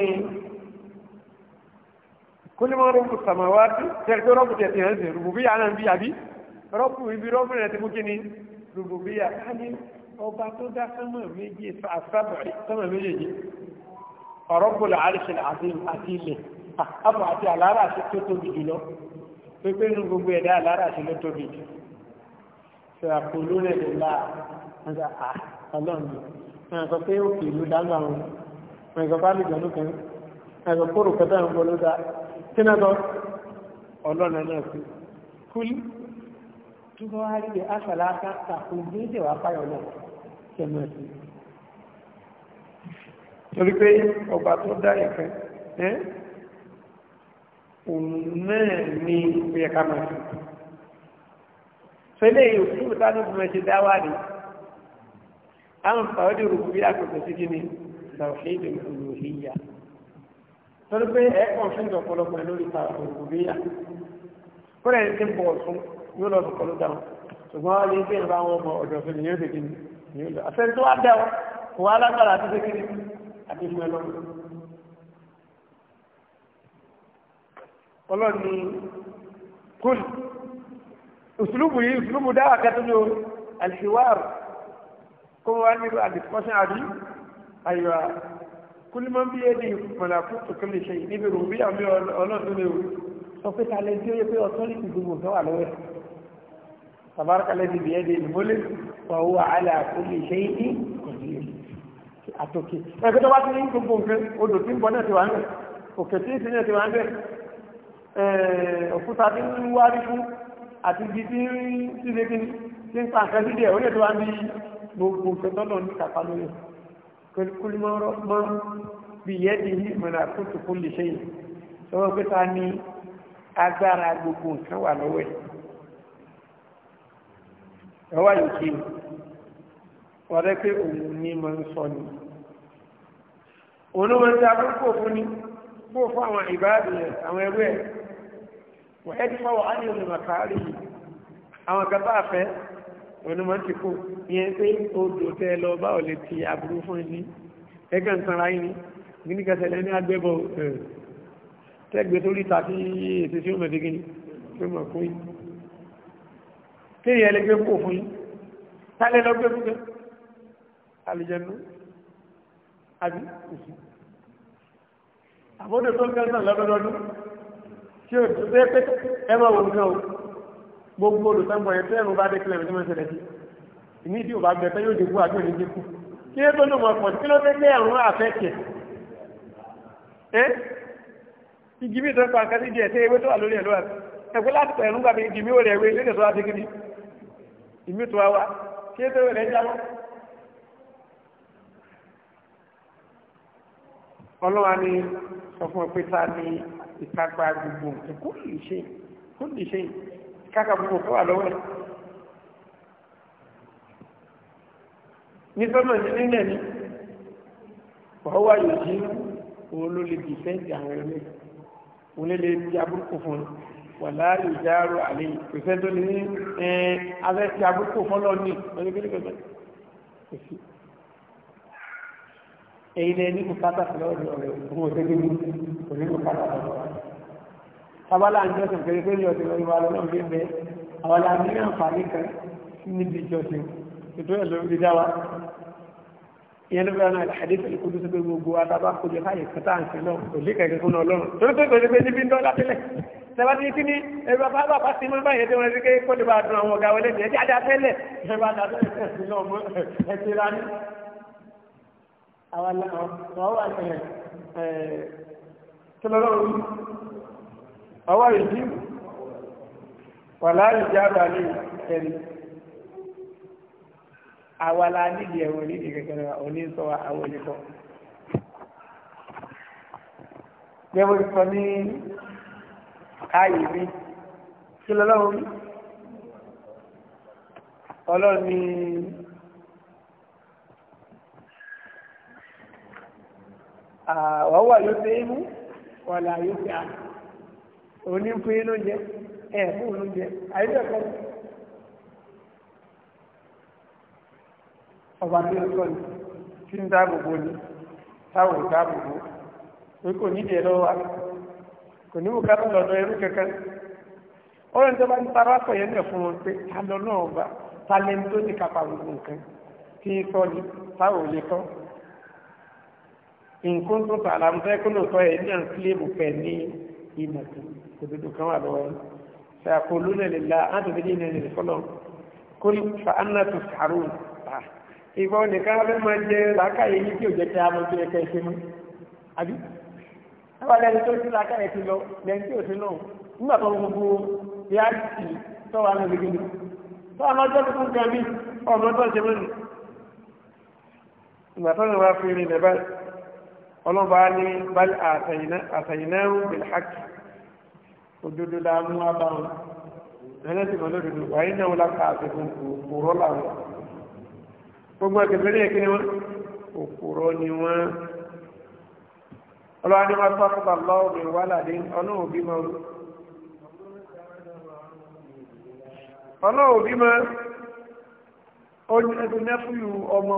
kúlímọ̀ rọ́bù sàmáwáàtì tẹ́lẹ̀ pé rọ́bù tẹ̀sí hàn sí rùbùbíyà náà ń bí àbí rọ́bù ibi rọ́bù rẹ̀ ti mú kí ni rùbùbíyà ká ní ọba tó dá sánmọ̀ méjì àsábẹ̀ sánmọ̀ méjèèjì ọ̀rọ̀bù làárìṣẹ̀ àti ilẹ̀ ah, àbọ̀ àti àlárà tó tóbi jùlọ pépé nu gbogbo ẹ̀dá alára sí ló tóbi jù ṣe àpòlú rẹ̀ lè la wọ́n sọ à ọlọ́run ni wọ́n sọ pé òkè ìlú dáná àwọn wọ́n sọ bá lùjọ́ nìkan wọ́n sọ kóró kẹta ń bọ́ ló dá kí náà sọ ọlọ́run náà kú kúlí tó bá wá rí àṣàlá káàkà ògbé ìdèwà fáyọ̀ náà kẹmọ ẹ̀sìn torí pé ọba tó dá ẹ̀fẹ́ òun náà ní ìpẹ́yẹ ká máa fi fẹ́lẹ́ òkú ìtànù bí wọ́n ṣe dáwà ní àwọn fàwọ́dì rògbò bí àkókò sí kí ni tàwọ̀ṣẹ́dì olùhíyà torí pé ẹ̀kọ́ fún ọ̀pọ̀lọpọ̀ lórí tàwọ̀ṣẹ́dì olùhíyà kúrẹ̀ ní ti ń bọ̀ ọ̀tún yóò lọ sọ̀kọ̀ ló dáhùn ṣùgbọ́n wọ́n lè gbé ìbá wọn bọ̀ ọ̀dọ̀ fún ni yóò lọ àfẹ́ tó wá dẹ̀ wọ́n ọlọ́run ní kúl òṣùlùmù yìí òṣùlùmù dáwà kẹtùlù alhiwar kó wá nílò àdìsọ́sán àbí àyíwá kúlùmọ́ bí ẹni mọ̀làkú tòkìlì ṣe níbi rùbí àmì ọlọ́run ní o sọ pé kalẹ̀ tí ó yẹ pé ọtọ́lìtì gbogbo tó wà lọ́wọ́ tabarakale ti bi ẹdi ìmọlẹ wàhù àlà àkọlù ìṣe yìí àtòkè ẹgbẹ́ tó bá ti ní gbogbo nǹkan odò tí ń bọ̀ náà ti wà ń bẹ̀ òkè tí ń sin náà ti wà ń bẹ̀ Eh, òkúta tí ń wárí fún àti ibi tí ń sílé kí ní ń pa nǹkan sílẹ̀ ó lè tó wá ní gbogbo nǹkan tọ́nà ní kàpá lórí kúlí mọ́ bí yẹ́ di ní ìmọ̀lá kó tó kó lè ṣẹ́yìn sọ́wọ́ pé ta ni agbára gbogbo nǹkan wà lọ́wọ́ yìí kí wọ́n rẹ́ ní mọ́ ń sọ wọ́n ti fọwọ́ á ní olùmọ̀kárì àwọn kẹfà fẹ́ onímọ̀tìkù ìyẹn pé odò tẹ lọ bá ò lè ti aburú fún ẹni ẹgbẹ́ nǹkan ra yín ní ní kẹsẹ̀lẹ́ ní agbẹ́bọ̀ tẹ́gbẹ́ tó rí tàbí ètò tí ó mọ̀ dígí ní tó mọ̀ fún yín kí ni ẹlẹgbẹ́ kò fún yín tálẹ́ lọ gbé fún gẹ́ alìjẹnu àbí àbódò tó ń gẹ́ lọ́dọọdún tí o dùn pé pé ẹ máa wò nǹkan o gbogbo olùsọ́gbọ̀n yẹn tẹ́lẹ̀ mo bá dé kílẹ̀ mi tó máa ń ṣẹlẹ̀ sí ìní ìdí ò bá gbẹ tẹ́ yóò dé kú àbí òní dé kú kí ló tó ló mọ̀ pọ̀ kí ló fẹ́ kẹ́ ẹ̀rún àfẹ́ kẹ̀ ẹ́ ìjì mi tó ń pa nǹkan sí díẹ̀ tẹ́ ewé tó wà lórí ẹ̀ lọ́wọ́ ẹ̀kú láti pẹ̀lú nígbà mi ìjì mi ò rẹ̀ ewé yóò tẹ̀sọ́ adé kiri ìmí tó wá kí ló tó rẹ̀ jábọ́ ọlọ́wà ni sọ fún ọ pé ta ni ìtagba gbogbo nǹkan kó lè ṣe kó lè ṣe káka gbogbo kó wà lọ́wọ́ ẹ̀. ní sọ́nà ìdílé náà ni wọ́n wá yóò jí òun ló lè dìfẹ́ǹdì àwọn ẹlẹ́ òun lè lè di abúrúkú fún un wà láàyè ìjárò àlè ìpèsè tó ní abẹ́ ti abúrúkú fún lọ́ọ̀nì ọjọ́ kí ni kò sọ èyí lẹ́ni kò pátá fún ọ̀rẹ́ òun òṣèlú òní kò pátá fún abala ń jọ́sìn pé pé yọ̀sìn lórí wa lọ́nà bí bẹ́ẹ̀ àwọn aláàmì ní àǹfààní kan níbi ìjọsìn ètò ẹ̀ lórí dáwà ìyẹn ló fẹ́ràn àdé pẹ̀lú kó dúró pé gbogbo atábá kó jẹ káyè kẹta àǹsì náà kò lè kẹ̀kẹ́ fún ọlọ́run tó tó pèsè pé níbi ni ẹgbẹ́ bá bá bá ti mọ́ báyìí tí wọ́n ti ké kó lè bá dùn àwọn ọ̀gá wọlé ní ẹjẹ́ ajá tẹ́lẹ̀ ẹgbẹ́ ajá tẹ́lẹ̀ àwọn àwọn àwọn àwọn ọwọ́ ìdí wàláyé jábà ní ẹni àwàlá nídi ẹ̀wọ̀n nídi kẹkẹrẹ òní sọ àwọn olùkọ́ gẹ́gbẹ́ sọ ní ayé mi kí lọ́lọ́run ọlọ́run ní àwọn yóò ṣe é mú yóò ṣe àná òní fún yín lóúnjẹ ẹ fún òun lóúnjẹ àyíbẹ̀ kọ́ ọba tó ń kọ́ ni tí ń dáàbòbò ni táwọn ò dáàbòbò pé kò nídìí ẹ lọ́wọ́ wa kò ní wò ká lọ́dọ̀ ẹrú kankan ọ̀rọ̀ nítorí wọn tara sọ yẹn náà fún wọn pé alọ́ náà bá talẹ́ńtò ní kápá gbogbo nǹkan tí ń sọ ni táwọn ò lè kọ́ nǹkan tó tà lámúfẹ́ kó lóòótọ́ ẹ̀ ní à ń kílèmù pẹ̀ ní ìmọ̀ òdodo kan wà lọ́wọ́ yìí ṣàkó lónà lè la á tó fi ní ìnáyẹn lè fọlọ́ kó ní fa anna tó sàrò à ìgbà òní ká fẹ́ máa jẹ làákàyè yìí tí ò jẹ́ tẹ́ amọ̀ tó yẹ kẹ́ ṣe mú àbí abalẹ̀ ẹni tó ti làákàyè ti lọ lẹ́yìn tí ò ti náà nígbà tó gbogbo yá sí tọ́wọ́ àná gbẹgbẹ́ tó àná ọjọ́ tó fún gami ọ̀nà tó ṣe mọ́nu ìgbà tó ń wá fi rìn lẹ́bàá ọlọ́ba ní bal àtàyìnáhùn bilhaki òdodo la mú abá wọn ẹlẹ́sìn wọn lódodo wàyí náà wọlá ká àtẹkùn òkúrọ́ làwọn gbogbo ẹgbẹ̀rẹ̀ yẹn kí ni wọ́n òkúrọ́ ni wọ́n ọlọ́wọ́ ni wọ́n tọ́kọ̀ bá lọ́wọ́ mi wà ládé ọlọ́wọ́ bí mọ́ ọlọ́wọ́ bí mọ́ ọdún ẹgbẹ̀rẹ̀ fúlù ọmọ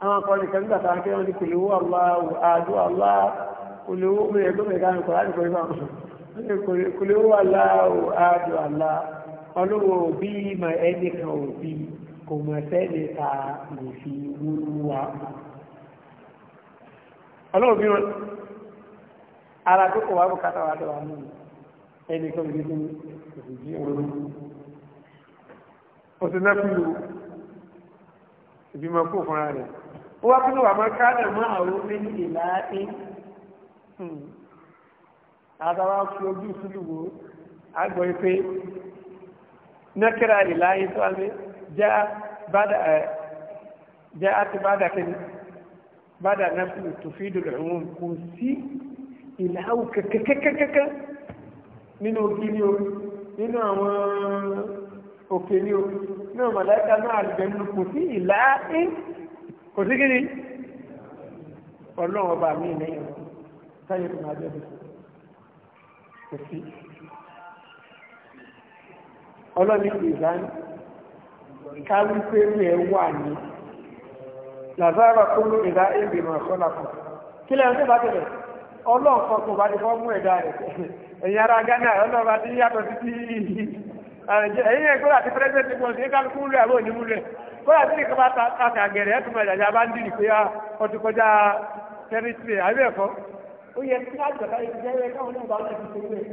àwọn akọni kan nígbà táwọn akẹ́wọ́n ti kùlù owó aláwọ̀ àdó àlá kùlù owó mi ẹ̀gbọ́n mi káàkiri kọ̀ láti kọ̀rí fáwọn kùlù owó aláwọ̀ àdó àlá ọlọ́wọ́ òbí mà ẹni kan òbí kò mọ̀ sẹ́ni ta lè fi wúlú wa. ọlọ́wọ́ bí wọn ara tó kọ̀ wá bó kátà wá tó wà ẹni kan òbí tó ní òbí wọn. òtún náà kúlù ìbímọ kó fúnra rẹ̀ wá fún wa máa káàdà máa àwọn omi ìlà ẹ́ hmm. àtàwà fi ojú ìsúlù wo àgbọ̀ pé nẹ́kẹ́rà ìlà ẹ́ tó wáyé jẹ́ àti bádà kẹ́ni bádà náfù tó fi dùn ẹ̀wọ̀n kò sí ìlà áwù kẹ́kẹ́kẹ́kẹ́kẹ́ nínú ogi ní orí nínú àwọn òkè ní orí nínú màláìka náà àlùbẹ̀nu kò sí ìlà kò sí kíni ọlọ́run ọba mi lẹ́yìn sáyé kò máa bẹ̀rẹ̀ kò sí ọlọ́run ní ìdáni kárí pé rẹ̀ wà ní làzára kó ló ìdá èdè mọ̀ ọ̀kọ́lá kan kí lẹ́yìn tó bá tẹ̀lẹ̀ ọlọ́run kan kò bá ti fọ́ mú ẹ̀dá rẹ̀ ẹ̀yìn ara Ghana ọlọ́run bá ti yàtọ̀ títí ẹ̀yìn ẹ̀kọ́ àti pẹ́rẹ́sẹ̀ ti pọ̀ sí kálukú rẹ̀ àbọ̀ onímú rẹ̀ kódà tí nìkan bá kàkà gẹ̀rẹ́ ẹ̀tún mọ̀ ìdàjà bá ń dì ní pé ọdún ah, kọjá tẹ́rìtìrì àbẹ́ ẹ̀kọ́ ó yẹ kí àjọ̀ká yẹ jẹ́ ẹ̀rẹ́ káwọn náà bá ń tẹ̀sí ṣe wẹ̀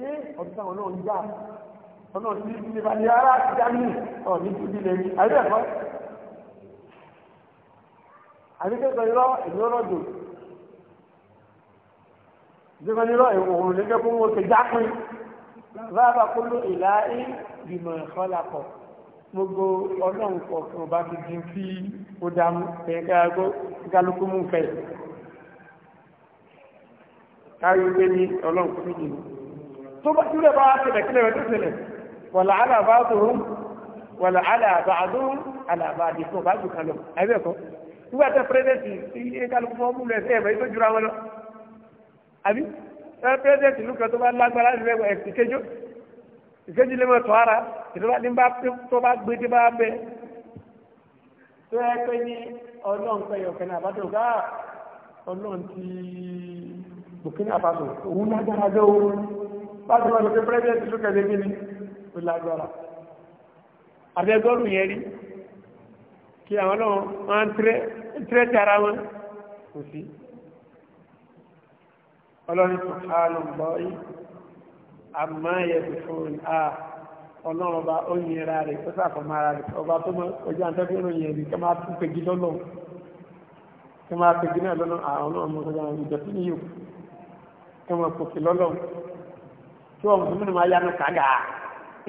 ní ọdún táwọn náà ń gbà ọ̀nà tí ní bá ní ara ti dá ní ọ̀ní ti bí lẹ́yìn àbẹ́ ẹ̀kọ́ àbíkẹ́kọ̀ọ́ irọ́ ìlú rọ́jò ìjọba gbogbo ọlọ́run kọ̀ọ̀kan bá ti di fi ó dámú ẹ̀ẹ́dáàgbó gálùkù mú fẹ́ káyọ̀ pé ní ọlọ́run kò níjì tó bá túlẹ̀ bá ṣẹlẹ̀ kílẹ̀ rẹ̀ tó ṣẹlẹ̀ wàlà àlàbà tó ń wàlà àlàbà tó ń àlàbà àdìsọ bá jù kan lọ ẹgbẹ́ kọ́ nígbà tẹ pírẹ́dẹ̀tì sí iye gálùkù mọ́ mú lẹ́sẹ̀ ẹ̀mẹ́ tó jura wọn lọ àbí pírẹ́dẹ̀tì lùkọ́ tó bá lágbára ẹ̀sìn kéjọ́ ìkejì lè máa tọ́ ara ìjọba ní bá tó bá gbé dé bá bẹ tó yẹ pé ní ọlọ́run pé yọ̀kẹ́ ní àbádọ́ gá ọlọ́run ti Burkina Faso òun lágbára jẹ́ òun bá ti máa lọ pé pírẹ́sidẹ̀ntì ló kẹ́lé gíní ó lágbára àbẹ́gọ́rù yẹn rí kí àwọn náà máa ń tẹ́rẹ́ tí ara wọn kò sí ọlọ́run àmọ́ yẹ̀sì fún à ọlọ́run ọba ó yin ra rẹ̀ tó sàfọ̀mọ́ ara rẹ̀ ọba tó mọ ojú àtẹ́fẹ́ràn yẹn ni kí máa tún pèjì lọ́nà kí máa pèjì náà lọ́nà àwọn ọmọ ọmọ ìjọ tí ní yòó kí wọ́n pòkè lọ́nà tí wọ́n mú mi máa yánu kàgà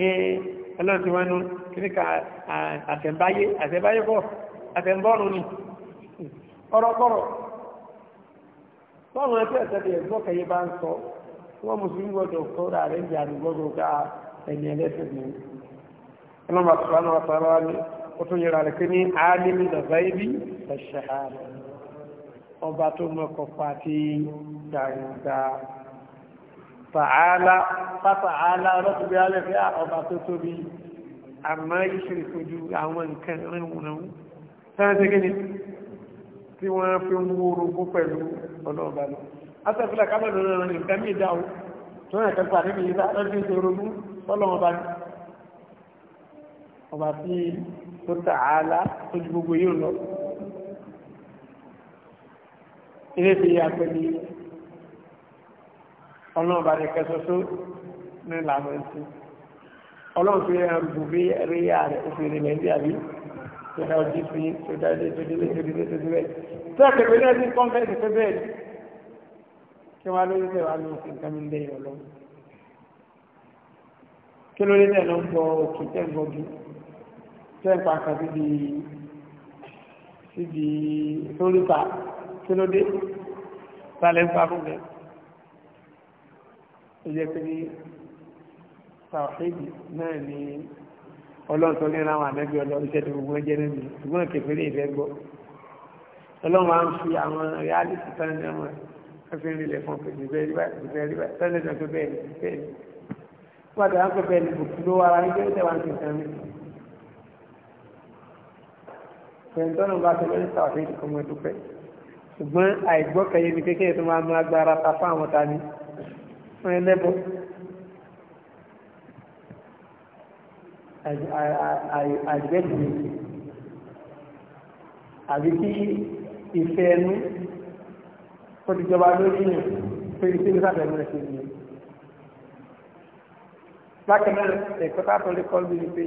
ee ọlọ́run ti wọ́n nu kí ni ká àtẹ̀mbáyé àtẹ̀mbáyé kọ́ àtẹ̀mbọ́ọ̀nù ni ọ̀rọ̀kọ̀rọ̀ báwọn ẹgbẹ́ ẹ̀sẹ̀ wọ́n mùsùlùmí gbọ́dọ̀ kọ́ra rẹ̀ jẹ́ àdúgbọ́dọ̀ ká ẹni ẹlẹ́sìn ní. ẹnà bàtà wọn náà sọ̀rọ̀ wọn ni ó tún yẹra rẹ̀ pé ní ánímì dàgbà ibi ẹ̀ṣẹ̀ ààrẹ ọba tó mọ kọfà ti gbàgbà fàálà fàtàálà ọlọ́tùbí alẹ́ fẹ́ ọba tó tóbi àmọ́ ìṣèlú kojú àwọn nǹkan rẹ̀ wù. tí wọ́n fi ń wúrogún pẹ̀lú ọlọ́ọ̀bá náà asẹ́fúnlẹ̀ kámẹ́lú rẹ̀ nǹkan mí ìdáwó tó rẹ̀ kẹta níbi ìdá lọ́dún ìṣòrògún fọ́lọ́mọ bá ní ọba tí tó tà á lá tó ju gbogbo yìí lọ ilé fi àpẹẹlẹ ọlọ́run bá ní kẹsọ́sọ́ ní ìlànà ẹ̀sìn ọlọ́run fi ẹran bùbí rí ààrẹ òfin ilẹ̀ ní àbí tó dá ojú sí tó dá ilé tó délé tó délé tó délé tó délé tó délé tó délé tó délé kí wọ́n lórí tẹ̀ wá lóun sí nǹkan mi lẹ́yìn ọlọ́run kí lórí tẹ̀ ló ń bọ òkè tẹ̀ ń bọ́jú tẹ̀ ń pa kan síbi síbi lóríta kí ló dé sálẹ̀ ń pa fún mi ó jẹ́ pé ní tàwáhídì náà ni ọlọ́run tó ní láwọn àmẹ́bí ọlọ́run iṣẹ́ tó gbogbo ẹjẹ́ nínú ṣùgbọ́n kẹfẹ́ lè fẹ́ gbọ́ ọlọ́run á ń fi àwọn reality tán ní ọmọ rẹ̀ ẹ̀fẹ́ rílẹ̀ fún pẹ̀lú bẹ́ẹ̀ rí báyìí bẹ́ẹ̀ rí báyìí tẹ́lẹ̀ náà tó bẹ́ẹ̀ ní bẹ́ẹ̀ ní. wọ́n àti àwọn pẹ̀lú ẹ̀lẹ́gbò kí ló wára nígbà tẹ́ wá ń tẹ̀ sẹ́mi. pẹ̀ntọ́nù bá tẹ lọ́jọ́ sàwọn fẹ́ẹ́ kọ́ mọ́ dúpẹ́. ṣùgbọ́n àìgbọ́kẹ̀yẹ ni kékeré tó máa mú agbára ta fún àwọn tani fún ẹlẹ́bọ. àgbẹ̀dì àbí kí ìfẹ́ ẹnu kó ti jọba lórí yẹn pé ibi tí sábẹ̀ ní ẹ̀sìn yìí. bákan náà ẹ̀kọ́ tá a tọ́lé kọ́ lórí pé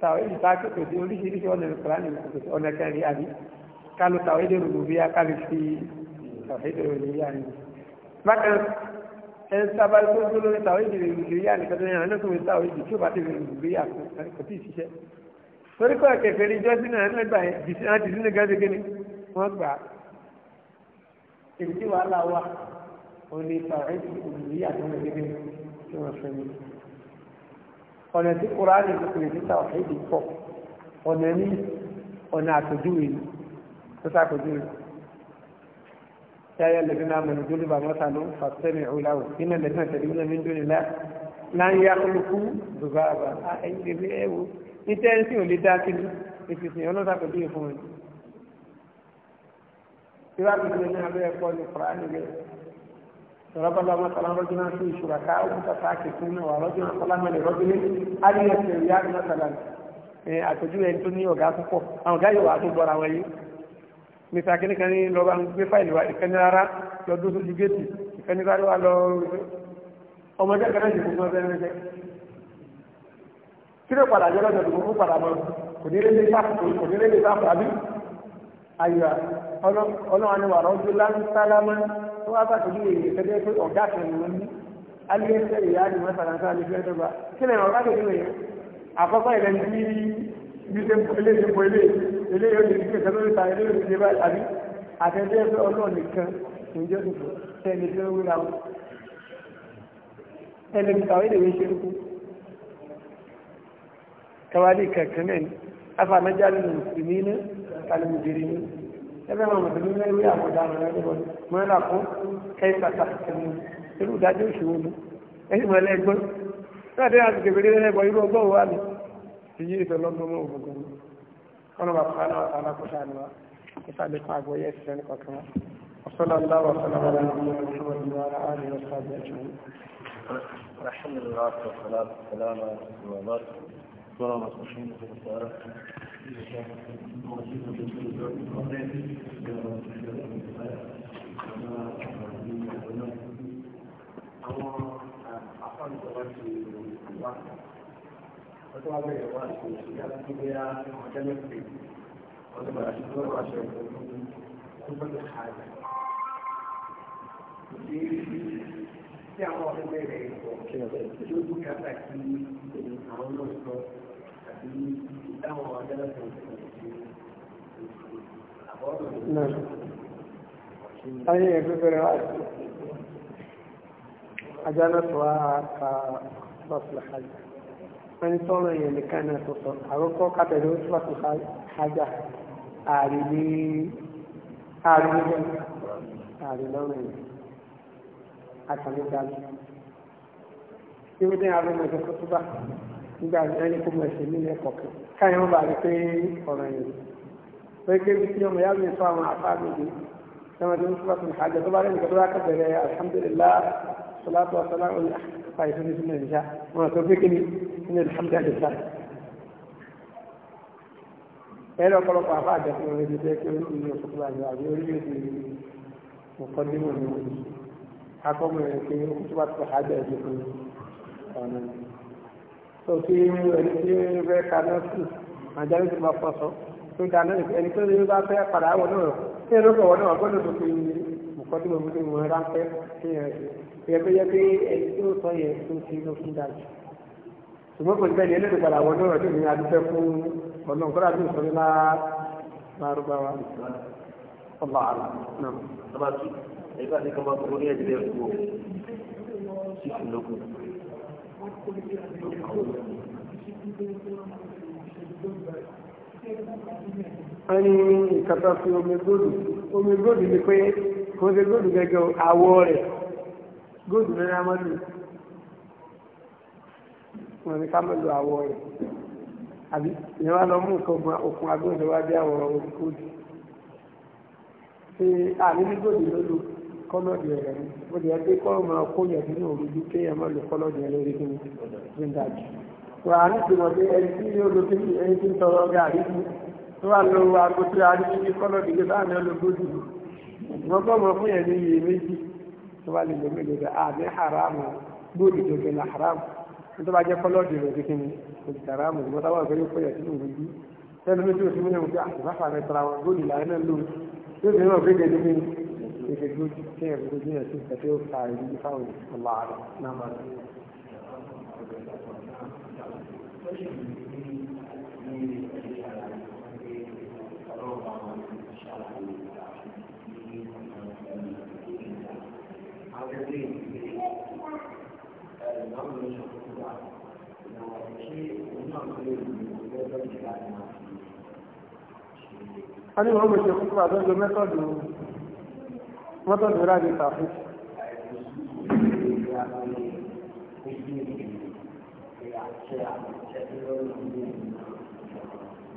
tàwọn èyí tá a kò sí oríṣiríṣi ọ̀nà ìkọ̀lá ní ọ̀nà kẹrin àbí kálù tàwọn èdè rògbò bí a kálù fi tàwọn èdè rògbò yá ni. bákan ẹni sábà tó ń gbóló ní tàwọn èdè rògbò yá ni kọ́tọ́ yẹn lọ́sọ̀rọ̀ tàwọn èdè tí ó bá ti rògbò yá kò tí ì ṣiṣẹ́. torí kọ́ ẹ̀kẹ́fẹ́ ní jọ́sìn náà ẹ̀ ibi tí wàhálà wà ó ní tàwọn ìlú yà tó lè gbé tí wọ́n fẹ́ mi ọ̀nà tí kúránì tó kùnrin títà ọ̀fẹ́ ìdí pọ̀ ọ̀nà ní ọ̀nà àtòjúwe tó sàkójúwe yáyẹ lẹ́gbẹ́ náà mọ̀nà tó lè bà mọ́ta ló fàtẹ́mì ìhùláwò nínú lẹ́gbẹ́ náà tẹ̀lé nínú nínú nílá láń yá olùkú dùbà àbá ẹ̀yìn lè fi ẹ̀wò ní tẹ́ńsì ò síwájú ìdílé ní abẹ́ ẹ̀kọ́ ní kùránì rẹ̀ rọ́bàlá ọmọ tọ́lá rọ́jú náà sí ìṣúra ká ó kúta sáà kìkún náà wà rọ́jú náà tọ́lá mẹ́lẹ̀ rọ́jú ní alíyẹsẹ̀ ìyá àti mẹ́tàlá àtòjúwe tó ní ọ̀gá púpọ̀ àwọn ọ̀gá yóò wà tó gbọ́ra wọn yìí mr akínníkan ní lọ́ba ń gbé fáìlì wa ìkànnì rárá lọ dúró sójú géètì ìkànnì rárá wa lọ ọmọdé kan náà ṣe fún ọmọdé rẹ ayọ̀ ọlọ́run ni wàrà ojú lánsálámà tó wá bá tòbí èyí tẹ́lẹ̀ pé ọ̀gá kan ni wọ́n ní alẹ́sẹ̀ ìyá ni wọ́n fàlànsá lè fẹ́ dọ́gba kí lẹ́yìn ọ̀gá tòbí èyí àkọ́kọ́ ìrẹ́ ní ilé ìṣẹ́pọ̀ ilé ilé yóò lè fi ìṣẹ́lórí ta ilé yóò lè bá àbí àtẹ́jẹ́ pé ọlọ́run nìkan ìjọ tuntun tẹ́lẹ̀ tó wúra wọn tẹ́lẹ̀ tàwé lè ṣe rúkú kawalí kankan náà kálíwù jèrè ní ẹgbẹ́ àwọn mùsùlùmí lẹ́rú àwọn ọ̀daràn rẹ̀ níbọn mọ́lá kún kẹ́yìn pàtàkì kẹ́mi irú ìdájọ́ ìṣòro ni ẹ̀yìn mọ́lá ẹgbọ́n láti àti kẹfẹ́rẹ́ lẹ́gbọ́ irú ọgbọ́n wa ni ti yé ìtọ́lọ́gbọ́n mọ́ ògùn kan wọn bá fún àwọn alákòóso àná ìsàlẹ̀ fún àgbọ̀yé ẹ̀sìn kọ̀ọ̀kan wa وصلى الله وسلم على نبينا محمد وعلى اله وصحبه اجمعين الحمد لله والصلاه والسلام على رسول الله صلى الله عليه وسلم Àwọn afọ́nìkọ̀ọ́ ti wà. Ọjọ́ wá bẹ̀rẹ̀ wá sí ìyára tí bí a ọjọ́ mẹ́fẹ́. Wọ́n ti bàrà sí lọ́rọ̀ aṣọ ìgbẹ̀rún tó gbọ́dọ̀ ṣáájú. Kò sí tí àwọn ọdún bẹ̀rẹ̀ ìgbọ̀ kí ọjọ́ ìgbẹ̀rún tó gbọ́dọ̀ ayé ẹgbẹ́ bẹ̀rẹ̀ wá sí ajánàtọ̀ wá ka sọ́ọ̀tù hajj wọ́n ní tọ́rọ èèyàn nìkan náà tó sọ àkọ́kọ́ kábẹ̀rẹ̀ ó sọ́ọ̀tù hajj ààrẹ ní ààrẹ ní ààrẹ lọ́rùn yìí àtàlẹ́gbàgbé tí ó dé ààrẹ mọ̀jọ́ tó nígbà náà ní kó mọ̀ ẹ̀sìn nínú ẹ̀kọ́ kan káyọ̀ wọn bá rí pé ọ̀ràn yìí pé kébi tí ọmọ yàrá mi fún àwọn àfa mi dé tó ń fún bàtún àjọ tó bá rẹ̀ nìkan tó bá kẹbẹ̀rẹ̀ alhamdulillah salatu wa salam ala fa ìfúnni sínú ìṣá wọn sọ pé kíni sínú alhamdulillah ẹ̀rọ ọ̀pọ̀lọpọ̀ àfa àjọ fún orí ti tẹ́ kí orí mi ò fún àbí orí mi ti mọ̀kọ́ nínú ìwọ̀n akọ́mọ̀ rẹ̀ pé ó kú bá tó àjọ ẹ̀jẹ̀ fún tó fi ẹni tí ó fẹ́ kaná sí àjálù tó máa fọṣọ tó dáná ẹni tó lè bá fẹ́ padà wọ náà tí ẹni tó wọ náà gbọ́dọ̀ tó fi nǹkan tí mo mú ní mo ránpẹ́ sí ẹ̀ yẹ pé yẹ pé ẹni tó sọ yẹ tó fi ló fi dájú ṣùgbọ́n kò gbẹ́ni ẹlẹ́dẹ̀ padà wọ náà tó ní adúpẹ́ fún ọ̀nà kọ́dà tó sọ nílá lárúbáwá ọba àlà náà. ọba kí ẹgbẹ́ àti kọ́mọ́ wọ́n ní nǹkan fi omi góòdù omi góòdù ni pé kò ṣe góòdù gẹ́gẹ́ àwọ̀ rẹ̀ góòdù náírà mọ́tò wọ́n ní ká mọ̀ lo àwọ̀ rẹ̀ àbí ìyẹn wá lọ mú nǹkan agbóhùn tó kọ́lọ́dì ọ̀rọ̀ ni ó lè ẹgbẹ́ kọ́ máa kó yẹn nínú òrùjú kéèyàn má lè kọ́lọ́dì ẹ̀ lórí kí ni dájú. wà á ní ìtumọ̀ pé ẹni tí yóò lo kí ẹni tí ń tọrọ ọgá àríkú tó wà lọ aago tí a ní kọ́lọ́dì yìí bá àná ológójì wọn kọ́ mọ fún yẹn ní iye méjì tó wà lè lómi lè rẹ haram gbòdì tó gẹ̀ la haram tó bá jẹ́ kọ́lọ́dì rẹ̀ kí ni kò sì haram ìgbọ́ táwọn ọ̀gbẹ́ kó yẹn sínú òrùjú tẹ́lẹ̀ mi tí ìfẹ́ gbójú tí ẹ̀rọ gbójú yẹn sí ìfẹ́ tí ó fa ìlú fáwọn ọ̀la rẹ̀ náà máa ń Ani wọ́n mọ̀ ṣe kúkú àtọ́jọ mẹ́tọ́dù wọ́n tó dúró àbí tàfí.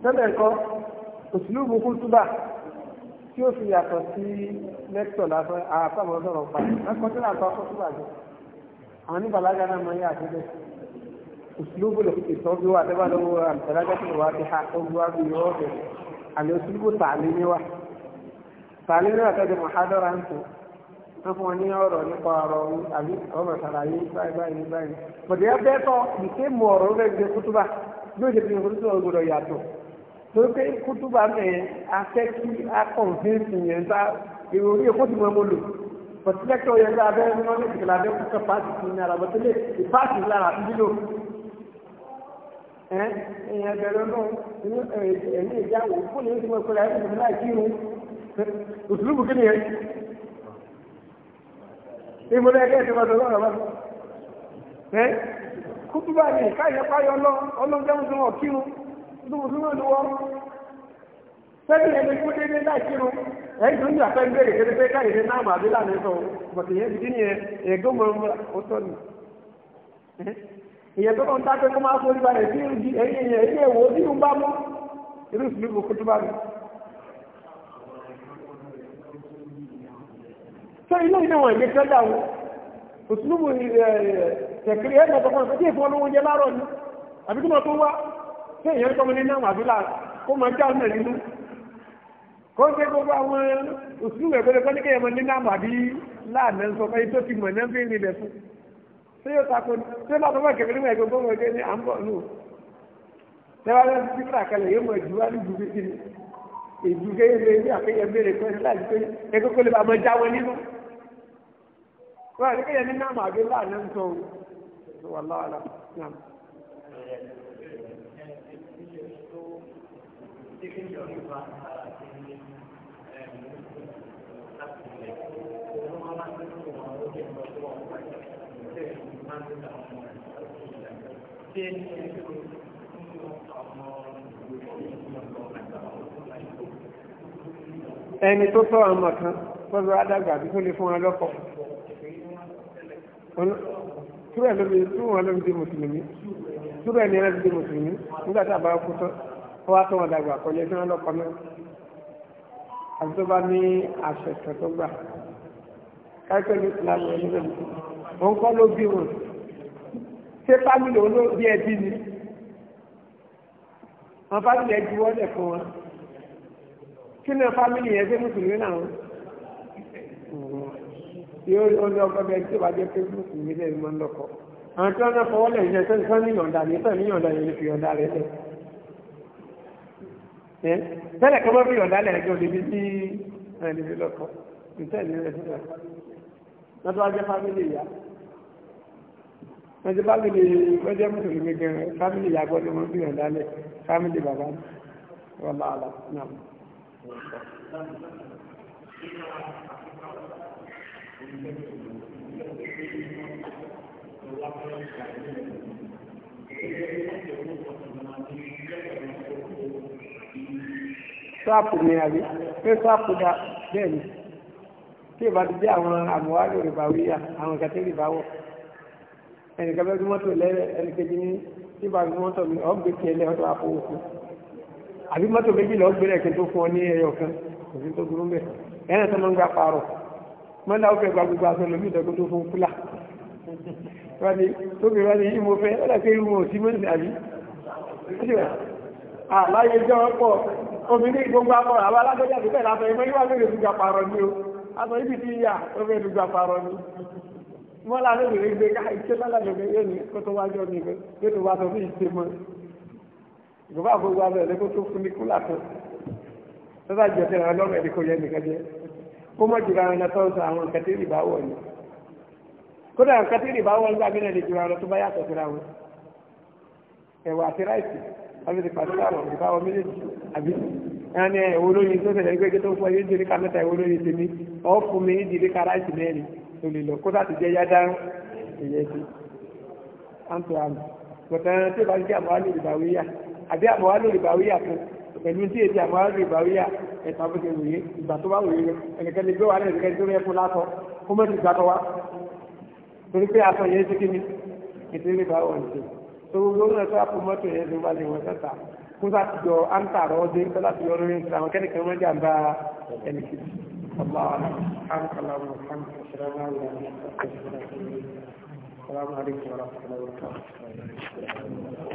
Tẹ́lẹ̀ kọ́, òṣìlúùbù kútúbà tí ó fi yàtọ̀ sí lẹ́kítọ̀ lásán àfàmọ́ sọ̀rọ̀ pa. Ẹ̀kọ́ tí làtọ̀ kútúbà jẹ́. Àwọn oníbàlágà náà máa ń yà àtẹ́jẹ́. Òṣìlúùbù lè fi ìtọ́jú àdébàlówó àmì tẹ̀lágà tó wà á ti ha ogun àbí yọ̀ọ́ bẹ̀rẹ̀. Àmì òṣìlúùbù tààlé níwà tààlí náà tọ́jú mọ̀hádọ́rà ń tó wọ́n fún wọn ní ọ̀rọ̀ nípa ọ̀rọ̀ ọ̀hún àbí ọmọ ṣàlàyé báyìí báyìí báyìí bọ̀dẹ̀ ẹ bẹ́ẹ̀ tọ́ ìké mu ọ̀rọ̀ rẹ̀ gbé kútúbà yóò ṣe fi kútúbà gbọdọ̀ yàtọ̀ torí pé kútúbà mẹ́ afẹ́ kí akọ̀ǹfẹ́ǹsì yẹn bá èrò orí èkó ti mọ mo lò bọ̀tílẹ́kọ̀ yẹn bá abẹ́ mọ́ ní ìgbàlá abẹ́ kúkẹ́ pàṣẹ sí ní ara bọ̀tílẹ̀ ìpáàṣẹ lára àti lílo ẹ̀yìn ẹgbẹ̀rún náà ẹ̀yìn ìjáwó اسلوبه كده يعني ايه مناجاته ما تقولها بقى ايه kútú bá ní káyẹ páyọ ọlọ́gbẹ́mùsùn ọ̀kírun lóòrùn lọ́wọ́ sẹ́bí ẹni kú dédé láìkírun ẹ̀yìn tó ń jà fẹ́ ń bèèrè kéré pé káyẹ̀dé náà mà bí sọ ilé ìlú wọn ìgbésẹ̀ dà wọn òtúnúbù tẹ̀kiri ẹ̀ lọ́tọ̀ fún ọ̀sẹ̀ tí èfún ọlọ́wọ́ jẹ láàárọ̀ ni àbí kí wọ́n tó wá sí ìyẹn tọ́mọ ní náà àbí láà kó máa já ọ̀nà nínú kó ń ṣe gbogbo àwọn òtúnúbù ẹ̀gbẹ́rẹ́ kọ́ ní kéèyàn mọ ní náà àbí láàánà ń sọ pé tó ti mọ̀ náà fi ń rinlẹ̀ fún ṣé yóò takò ní ṣé bá tọ́mọ kẹ̀kẹ́rẹ́ mọ̀ ẹ̀gbẹ́ gbogbo ọjọ́ ní à ń bọ̀ nù tẹ́wàá ti fúra wọ́n rí kéèyàn ní náàmù àbí láàánú tó tó wà láàlá náà. ẹni tó tọ́ àwọn ọmọ kan tọ́jú adágbà tó lè fún wọn túrẹ̀ lómi túrẹ̀ wọn lómi di mùsùlùmí túrẹ̀ ní ẹni di mùsùlùmí nígbà tá a bá kú tán wọ́n wá tó wọn dàgbà kọjá tí wọ́n lọ́kọ náà àti tó bá ní àṣẹ tó gbà káyọ̀pẹ́ ní ìsìlámù ẹni lómi wọn kọ́ ló bí wọn ṣé fámìlì òun ló bí ẹbí ni wọn fámìlì ẹ juwọ́ lẹ̀ fún wọn kí ni fámìlì yẹn ṣe mùsùlùmí náà yóò rí ọdún ọgbọ́n bẹ́ẹ̀ tí ó bá jẹ́ facebook mi lẹ́nu mọ́ lọ́kọ̀ àwọn tí wọ́n náà fọwọ́ lẹ̀ jẹ́ sẹ́ni sọ́ni yọ̀ǹda ní sẹ́ni yọ̀ǹda yẹn fi yọ̀ǹda rẹ̀ lẹ̀ tẹ́lẹ̀ kọ́ mọ́ fi yọ̀ǹda lẹ̀ jọ níbi tí ẹni fi lọ́kọ̀ ìtẹ́ni rẹ̀ fi lọ́kọ̀ wọ́n tó wá jẹ́ fámìlì ìyá wọ́n jẹ́ fámìlì wọ́n mùsùlùmí gan fámìlì ìyá sáàpù ni àbí pé sáàpù dá bẹ́ẹ̀ ni tí ìbá ti jẹ́ àwọn àmúwádìí rẹ̀ bá wíyà àwọn kàtẹ́rì bá wọ̀ ẹnìkan bẹ́ẹ̀ bí mọ́tò lẹ́rẹ̀ ẹnìkejì ní tí ìbá bí mọ́tò mi ọ̀gbẹ́ tiẹ̀ lẹ́ ọ̀dọ̀ àpòwò fún àbí mọ́tò méjì lọ́ọ́ gbé rẹ̀ kí n tó fún ọ ní ẹyọ kan kò sí tó burú bẹ́ẹ̀ ẹ̀rẹ̀ tó ń gbà pààrọ̀ mọ́lá ó fẹ́ gba gbogbo aṣọ lómi ìdọ́gbọ́n tó fún fúlà wọ́n tó bí wọ́n ni yí mo fẹ́ ọ́lẹ́kẹ́ irú wọn sí mọ́sí àbí àláyé jẹ́ ọ̀pọ̀ obìnrin gbogbo apọ̀ àwọn alágbẹ́jà tó tẹ̀lé afẹ́ ìmọ̀ ìwà lórí ìdúgba pààrọ̀ ni o aṣọ ibi tí yà ó fẹ́ ìdúgba pààrọ̀ ni mọ́lá lóbìnrin gbé ká iṣẹ́ lálàgbẹ̀gbẹ̀ yóò ní kó tó wájọ́ mi gbé yóò tó wá sọ fún ìṣe mọ́ ìgbọ́bà gbogbo abẹ́rẹ́ kó tó fún ní kúlà tó tó bá jẹ́ tẹ̀lé ọlọ́run kó mọ̀ jùlọ àwọn ẹ̀nà tọ́wọ́ sọ àwọn nǹkan tí ìrìbá wọ̀ ni kódà nǹkan tí ìrìbá wọ̀ nígbà mìíràn lè jùlọ àwọn tó bá yàtọ̀ síra wọn ẹ̀wà àti ráìsì àbí ti pàṣẹ àwọn ìbá wọn méjèèjì àbí ẹni ẹ̀wọ́ lóyin tó tẹ̀lé gbégbé tó ń fọ yéjì ríka mẹ́ta ẹ̀wọ́ lóyin tèmi ọ̀ fún mi yéjì ríka ráìsì mẹ́rin tó lè lọ kódà ti jẹ́ yádá ìyẹn ti àǹtọ̀ àmì bọ̀tẹ́ tí ó bá jẹ́ àmọ́ àlè pẹ̀lú tí èdè àwọn ará ìbáwíyà ẹ̀ta bóṣe wòye ìgbà tó bá wòye ẹnìkan lè gbé wà lẹ́yìn ẹnìkan tó rẹ̀ fún látọ̀ kó mọ́ ti gbàtọ̀ wa torí pé aṣọ yẹn ti kí ni ètò ilé bá wọ̀n ṣe tó gbogbo náà tó àpò mọ́tò yẹn ló bá lè wọ́n sẹ́ta kó sá ti jọ áńtà rọ ọdẹ tó láti yọ lórí ìtura àwọn kẹ́nìkan mọ́ jàǹbá ẹnìkan Assalamu alaikum